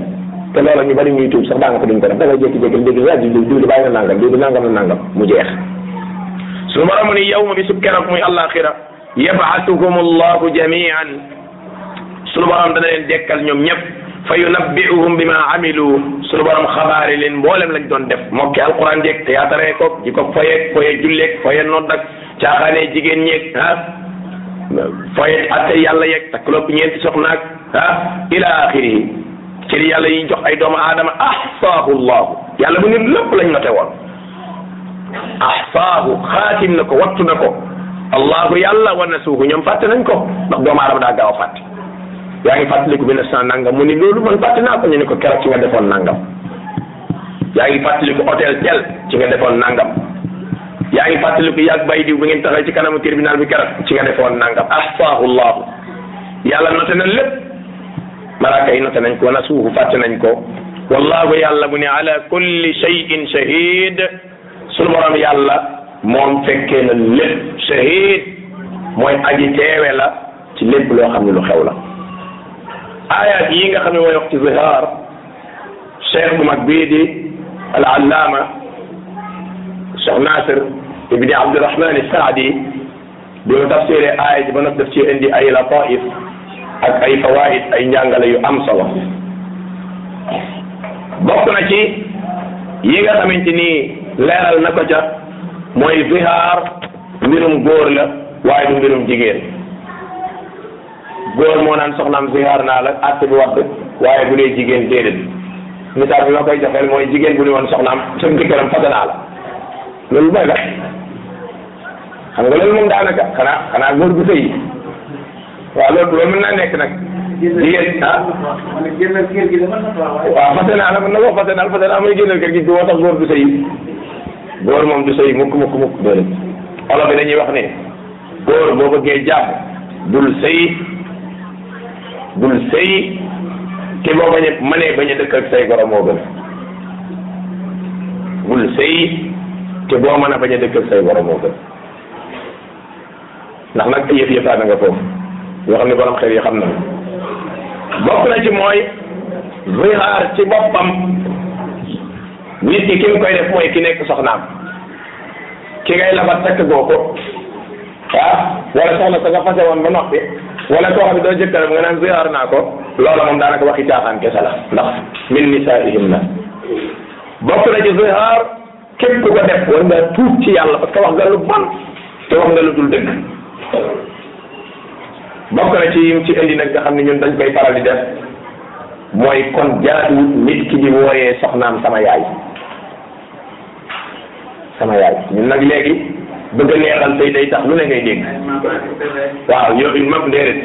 te loola ñu ba ñuy tuub sax daanaka duñ ko def da ngay jékki-jékki dégg nga di diw di bàyyi na nangam diw di nangam na nangam mu jeex suñu borom ni yow ma bi su keroog muy àllaaxira yab'atukum allahu su suñu borom dana leen dekkal ñoom ñëpp fa yunabbiuhum bi ma amilu suñu borom xabaari leen mboolem lañ doon def mokki alquran jeeg théâtre koog ji ko foyeeg foye julleeg foye nodd ak caaxaanee jigéen ñeeg ah foye atte yàlla yeeg takklop ñeenti soxnaak ah ila axiri ci li yàlla yi jox ay doomu aadama ahsaahu llahu yàlla bu nit lépp lañ note woon ahsaahu na ko wattu na ko allahu yàlla wa nasuuhu ñoom fàtte nañ ko ndax doomu aadama daa gaaw a yaa ngi fàttaliku 1900 nangam mu ni loolu man fàtte naa ko ñu ne ko keroog ci nga defoon nangam yaa ngi fàttaliku hôtel tel ci nga defoon nangam yaa ngi fàttaliku yàgg bay diw bi ngeen taxaw ci kanamu tribunal bi keroog ci nga defoon nangam ahsaahu llahu yàlla noté na lépp malaaka yi noté nañ ko nasuuhu fàtte nañ ko yàlla mu ne ala kulli shay'in shahid sunu borom yàlla moom fekkee na mooy aji teewe la ci lépp loo xam ne lu xew la aayaat yi nga xam ne mooy wax ci zihaar cheikh bu mag bii di al allaama cheikh nasir ibni abdirahman saadi bi mu tafsiree aaya ba nag daf ci indi ay lataif ak ay fawaid ay njàngale yu am solo bokk na ci yi nga xamante ni leeral na ko ca mooy zihaar mbirum góor la waaye du mbirum jigéen góor moo naan soxnaam ziar naa la àtte bi wadd waaye bu dee jigéen déedéet la bi ma koy joxeel mooy jigéen bu ne woon soxnaam sam jëkkëram fase naa la loolu mooy la xam nga loolu moom daanaka xanaa xanaa góor gu sëy waaw loolu loolu mën naa nekk nag jigéen ah waaw fase na ko fase naa la fase gi bi moo tax góor du sëy góor moom du sëy mukk mukk mukk olof bi dañuy wax ne góor boo bëggee jàmm dul sëy bul sëy te boo bañ a mënee bañ a dëkk ak say goro moo gën bul sëy te boo mën a bañ a dëkk say goro moo gën ndax nag yëf yëfaana nga foofu yoo xam ne borom xel yoo xam na bokk na ci mooy zihar ci boppam nit ki ki mu koy def mooy ki nekk soxnaam ki ngay labat takk goo ko ah wala soxna sa nga fase woon ba wala koo xam ne doo jëkkëram nga naa ko loola moom daanaka waxi caaxaan kese la ndax min nisaihim na bokk na ci ziyaar képp ku ko def war nga ci yàlla parce wax nga lu bon wax nga lu dul dëgg bokk na ci yim ci indi nag nga xam ne ñun dañ koy faral di def mooy kon jaatuwut nit ki di wooyee soxnaam sama yaay sama yaay ñun nag léegi bëgg a neexal tey day tax lu ne ngay dégg waaw yooyu mag déedéet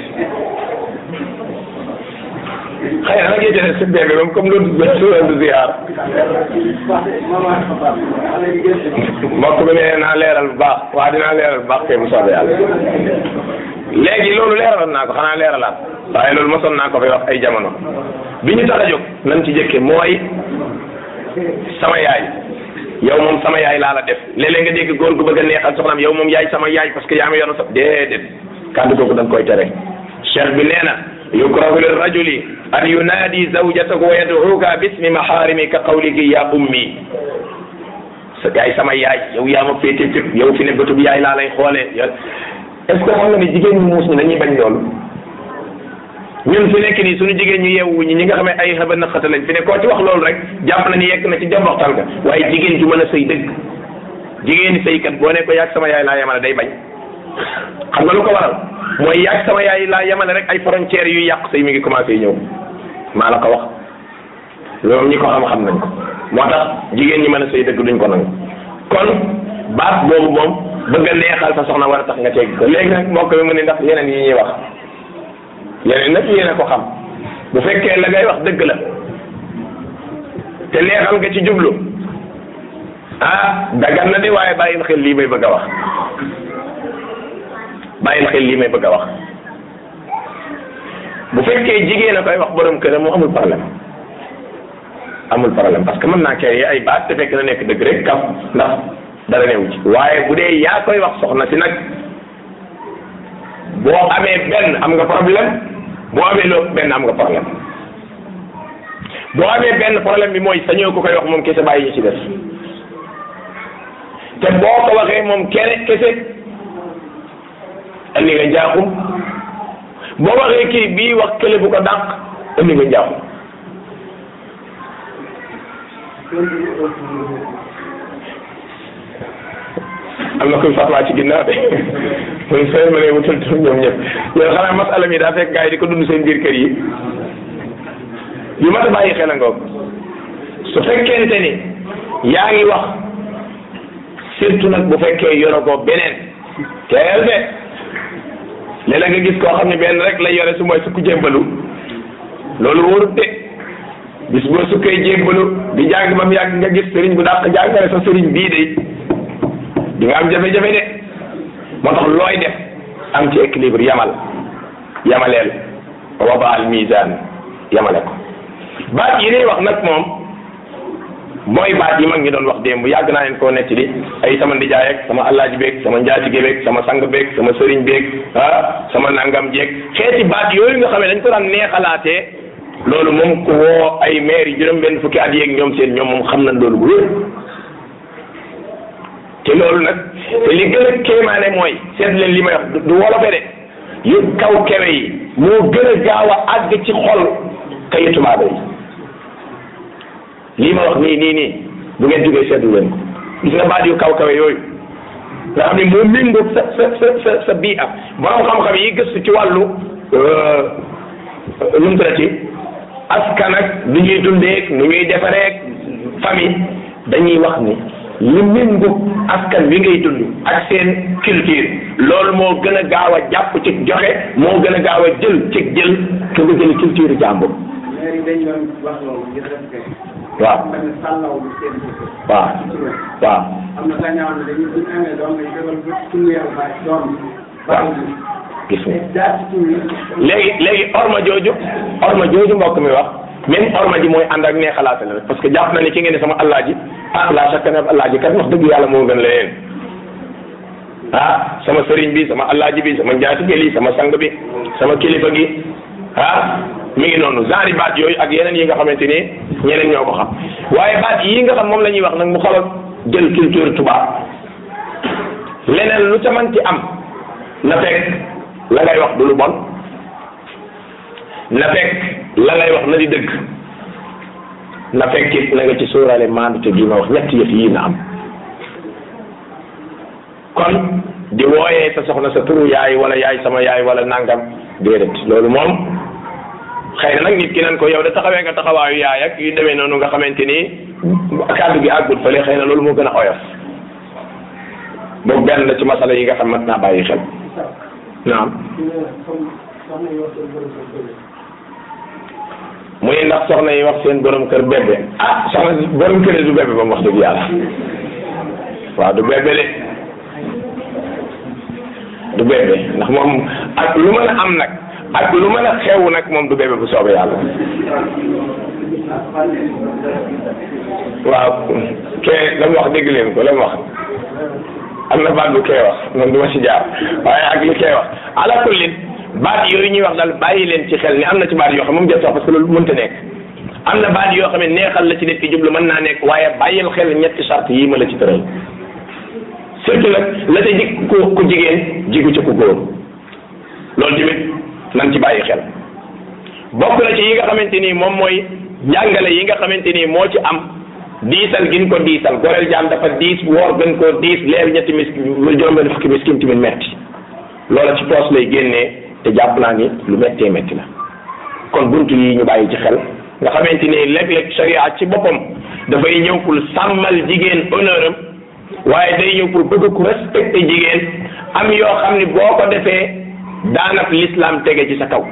xëy na nag yi jëlee si bébé moom comme loolu loolu du naa leeral bu baax waa dinaa leeral bu baax kay mu soobee yàlla léegi loolu leeraloon naa ko xanaa leeralaat waaye loolu mosoon naa ko fi wax ay jamono bi ñu tax a jóg ci jëkke mooy sama yaay yow moom sama yaay laa la def léeg-léeg nga dégg góor gu bëgg a neexal yow moom yaay sama yaay parce que yaa ma yoonu da koy tere cheikh bi nee na yukrahu lirajuli an yunaadi zawjatahu wa yad'uka bismi maharimika qawliki ya ummi sa yaay sama yaay yow yaa ma féete fépp fi ne yaay laa lay xoolee est ce que xam nga ne na ñi muus ñi ñun fi nekk nii suñu jigéen ñu yeewu ñi ñi nga xam ne ay xëba naqata lañ fi ne koo ci wax loolu rek jàpp na ni yegg na ci jamboxtal ga waaye jigéen ju mën a sëy dëgg jigéeni sëykat boo ne ko yaag sama yaay laa yemale day bañ xam nga lu ko waral mooy yaag sama yaay laa yemale rek ay frontières yu yàq sëy mi ngi commencé ñëw maa la ko wax loolu ñi ko xam xam nañ ko moo tax jigéen ñi mën a sëy dëgg duñ ko nangu kon baat boobu moom bëgg a neexal sa soxna war a tax nga teg léegi nag mbokk mi ndax yeneen yi wax leneen nag yéen a ko xam bu fekkee la ngay wax dëgg la te neexal nga ci jublu ah dagan na di waaye bàyyil xel lii may bëgg a wax bàyyil xel lii may bëgg a wax bu fekkee jigéen a koy wax borom këram mu amul problème amul problème parce que mën naa créer ay baat te fekk na nekk dëgg rek kam ndax dara newu ci waaye bu dee yaa koy wax soxna si nag boo amee benn am nga problème boo amee loolu benn am nga problème boo amee benn problème bi mooy sañoo ko koy wax moom kese bàyyi ñu ci des te boo ko waxee moom kene kese andi nga njaaxum boo waxee kii bii wax kële bu ko dàq andi nga am na koy fatwa ci ginnaa de buñ sooy mënee wutal tur ñoom ñëpp yow xanaa masala mi daa fekk gars di ko dund seen biir kër yi yu mat a bàyyi xel su fekkente ni yaa ngi wax surtout nag bu fekkee yoro ko beneen teel de léeg nga gis koo xam ne benn rek la yore su mooy sukk jémbalu loolu wóorut de bis boo sukkee jémbalu di jàng ba mu yàgg nga gis sëriñ bu dàq jàngale sa sëriñ bii de di nga am jafe-jafe de moo tax looy def am ti équilibre yamal yamaleel waba al mizan yamale ko baat yi lay wax nag moom mooy baat yi mag ngi doon wax démb yàgg naa leen koo nekk li ay sama ndijaay ak sama allaaji beek sama njaatige beeg sama sang beeg sama sëriñ beeg sama nangam jeeg xeeti baat yooyu nga xam ne dañ ko daan neexalaatee loolu moom ku woo ay maire yi juróom benn fukki at yeeg ñoom seen ñoom moom xam nañ loolu bu wér ci loolu nag te li gën a mooy seet leen li may wax du wolofe de yëg kaw kewe yi moo gën a gaaw a àgg ci xol kayi tubaab yi lii ma wax nii nii nii bu ngeen jógee seetlu leen ko gis nga baat yu kaw kawe yooyu nga xam ne moo méngoog sa sa bii a borom xam-xam yi gëstu ci wàllu euh, nu mu tuddati askan ak nu ñuy dundeek nu ñuy defareek famille dañuy wax ni li méngoog askan wi ngay dund ak seen culture loolu moo gën a gaaw a jàpp ci joxe moo gën a gaaw a jël ci jël te nga jël culture jàmbur. waaw waaw waaw. waaw gis nga léegi léegi orma jooju orma jooju mbokk mi wax. même orma ji mooy ànd ak ne xalaate rek parce que jàpp na ne ki ngeen ah ne sama allah ji ah la chaque année allah ji kat wax dëgg yàlla moo gën leneen ah sama sëriñ bi sama allah ji bi sama njaatige li sama sang bi sama kilifa gi ah mu ngi noonu genre baat yooyu ak yeneen yi nga xamante ni ñeneen ñoo ko xam waaye baat yi nga xam moom la ñuy wax nag mu xoolal jël culture tubaab leneen lu ca mën ci am na fekk la ngay wax du lu bon na la ngay wax na di dëgg na fekkit na nga ci sóoraale maandu te gi ma wax ñett yëf yii na am kon di wooyee sa soxna sa turu yaay wala yaay sama yaay wala nangam déedéet loolu moom xëy na nag nit ki nan ko yow de taxawee nga taxawaayu yaay ak yu demee noonu nga xamante ni kàddu gi àggul fële xëy na loolu moo gën a oyof boobu benn la ci masala yi nga xam mat naa bàyyi xel naam mu ne ndax soxna yi wax seen borom kër bébé ah soxna borom kër du bébé ba mu wax dëgg yàlla waaw du bébé de du bébé ndax moom ak lu mën a am nag ak lu mën a xew nag moom du bébé bu soobee yàlla waaw kee la mu wax dégg leen ko la wax am na baat bu kee wax noonu du ma si jaar waaye ak li kee wax ala kullin baat yooyu ñuy wax daal bàyyi leen ci xel ni am na ci baat yoo xam moom jot sax parce que loolu mënta nekk am na baat yoo xam ne neexal la ci nit ki jublu mën naa nekk waaye bàyyil xel ñetti sart yii ma la ci tëral surtout nag la ca jig ku ku jigéen jigu ca ku góor loolu tamit nan ci bàyyi xel bokk na ci yi nga xamante nii moom mooy jàngale yi nga xamante nii moo ci am diisal gin ko diisal goreel jaam dafa diis woor gën ko diis leer ñetti mis juróom benn fukki miskin tamit metti loola ci poos lay génnee te jàpp naa ni lu méttee metti la kon bunt yi ñu bàyyi ci xel nga xamante ni léeg-léeg sharia ci boppam dafay ñëw kul sàmmal jigéen honneur waaye day ñëw pour bëgg ku respecté jigéen am yoo xam ni boo ko defee daanaka l'islam tege ci sa kaw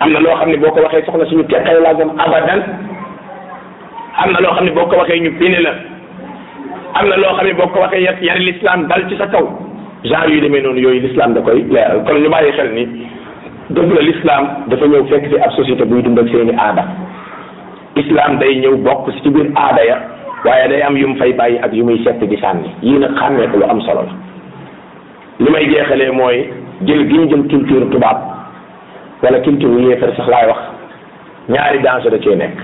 am na loo xam ne boo ko waxee soxna suñu teqay laagam abadan am na loo xam ne boo ko waxee ñu pine la am na loo xam ne boo ko waxee yar yari l'islam dal ci sa kaw genre yu demee noonu yooyu l'islam da koy leeral kon ñu bàyyi xel ni dëgg la lislaam dafa ñëw fekk ci ab société buy dundal ak seeni aada islam day ñëw bokk ci biir aada ya waaye day am yu mu fay bàyyi ak yu muy set di sànni yii nag xàmmee lu am solo la li may jeexalee mooy jël giñ ñu jël culture tubaab wala culture yéefar sax laay wax ñaari danger da nekk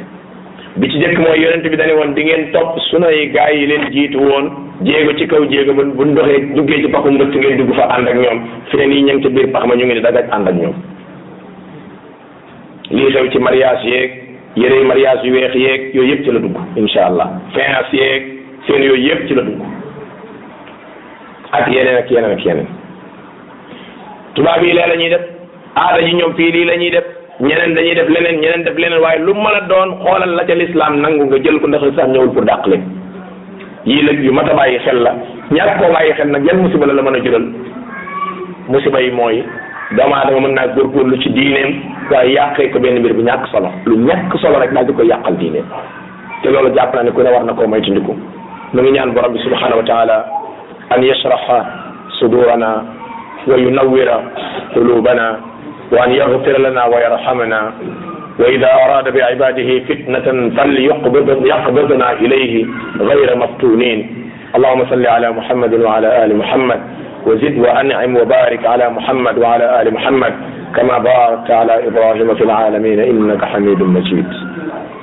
bi ci njëkk mooy yonent bi dane woon di ngeen topp suna yi gaa yi leen jiitu woon jéego ci kaw jéego ba bu ndoxee duggee ci paxu mbëtt ngeen dugg fa ànd ak ñoom fi ne nii ña ngi pax ma ñu ngi ne dagaj ànd ak ñoom lii xew ci mariage yeeg yërey mariage yu weex yeeg yooyu yëpp ci la dugg incha allah finance yeeg seen yooyu yëpp ci la dugg ak yeneen ak yeneen ak yeneen tubaab yi lee lañuy ñuy def aada ji ñoom fii lii la ñuy def ñeneen dañuy def leneen ñeneen def leneen waaye lu mën a doon xoolal la ca lislaam nangu nga jël ko ndax lislaam ñëwul pour dàq leen yii la yu mat a bàyyi xel la ñàkk koo bàyyi xel nag yan musiba la la mën a jural musiba yi mooy doomu aadama mën naa góorgóorlu ci diineem waaye yàqee ko benn mbir bu ñàkk solo lu ñàkk solo rek daal di koy yàqal diineem te loolu jàpp naa ne ku ne war na koo moytandiku nu ngi ñaan borom bi subhanahu wa taala an yashraha sudurana wa yunawwira qulubana وأن يغفر لنا ويرحمنا وإذا أراد بعباده فتنة فليقبض يقبضنا إليه غير مفتونين اللهم صل على محمد وعلى آل محمد وزد وأنعم وبارك على محمد وعلى آل محمد كما باركت على إبراهيم في العالمين إنك حميد مجيد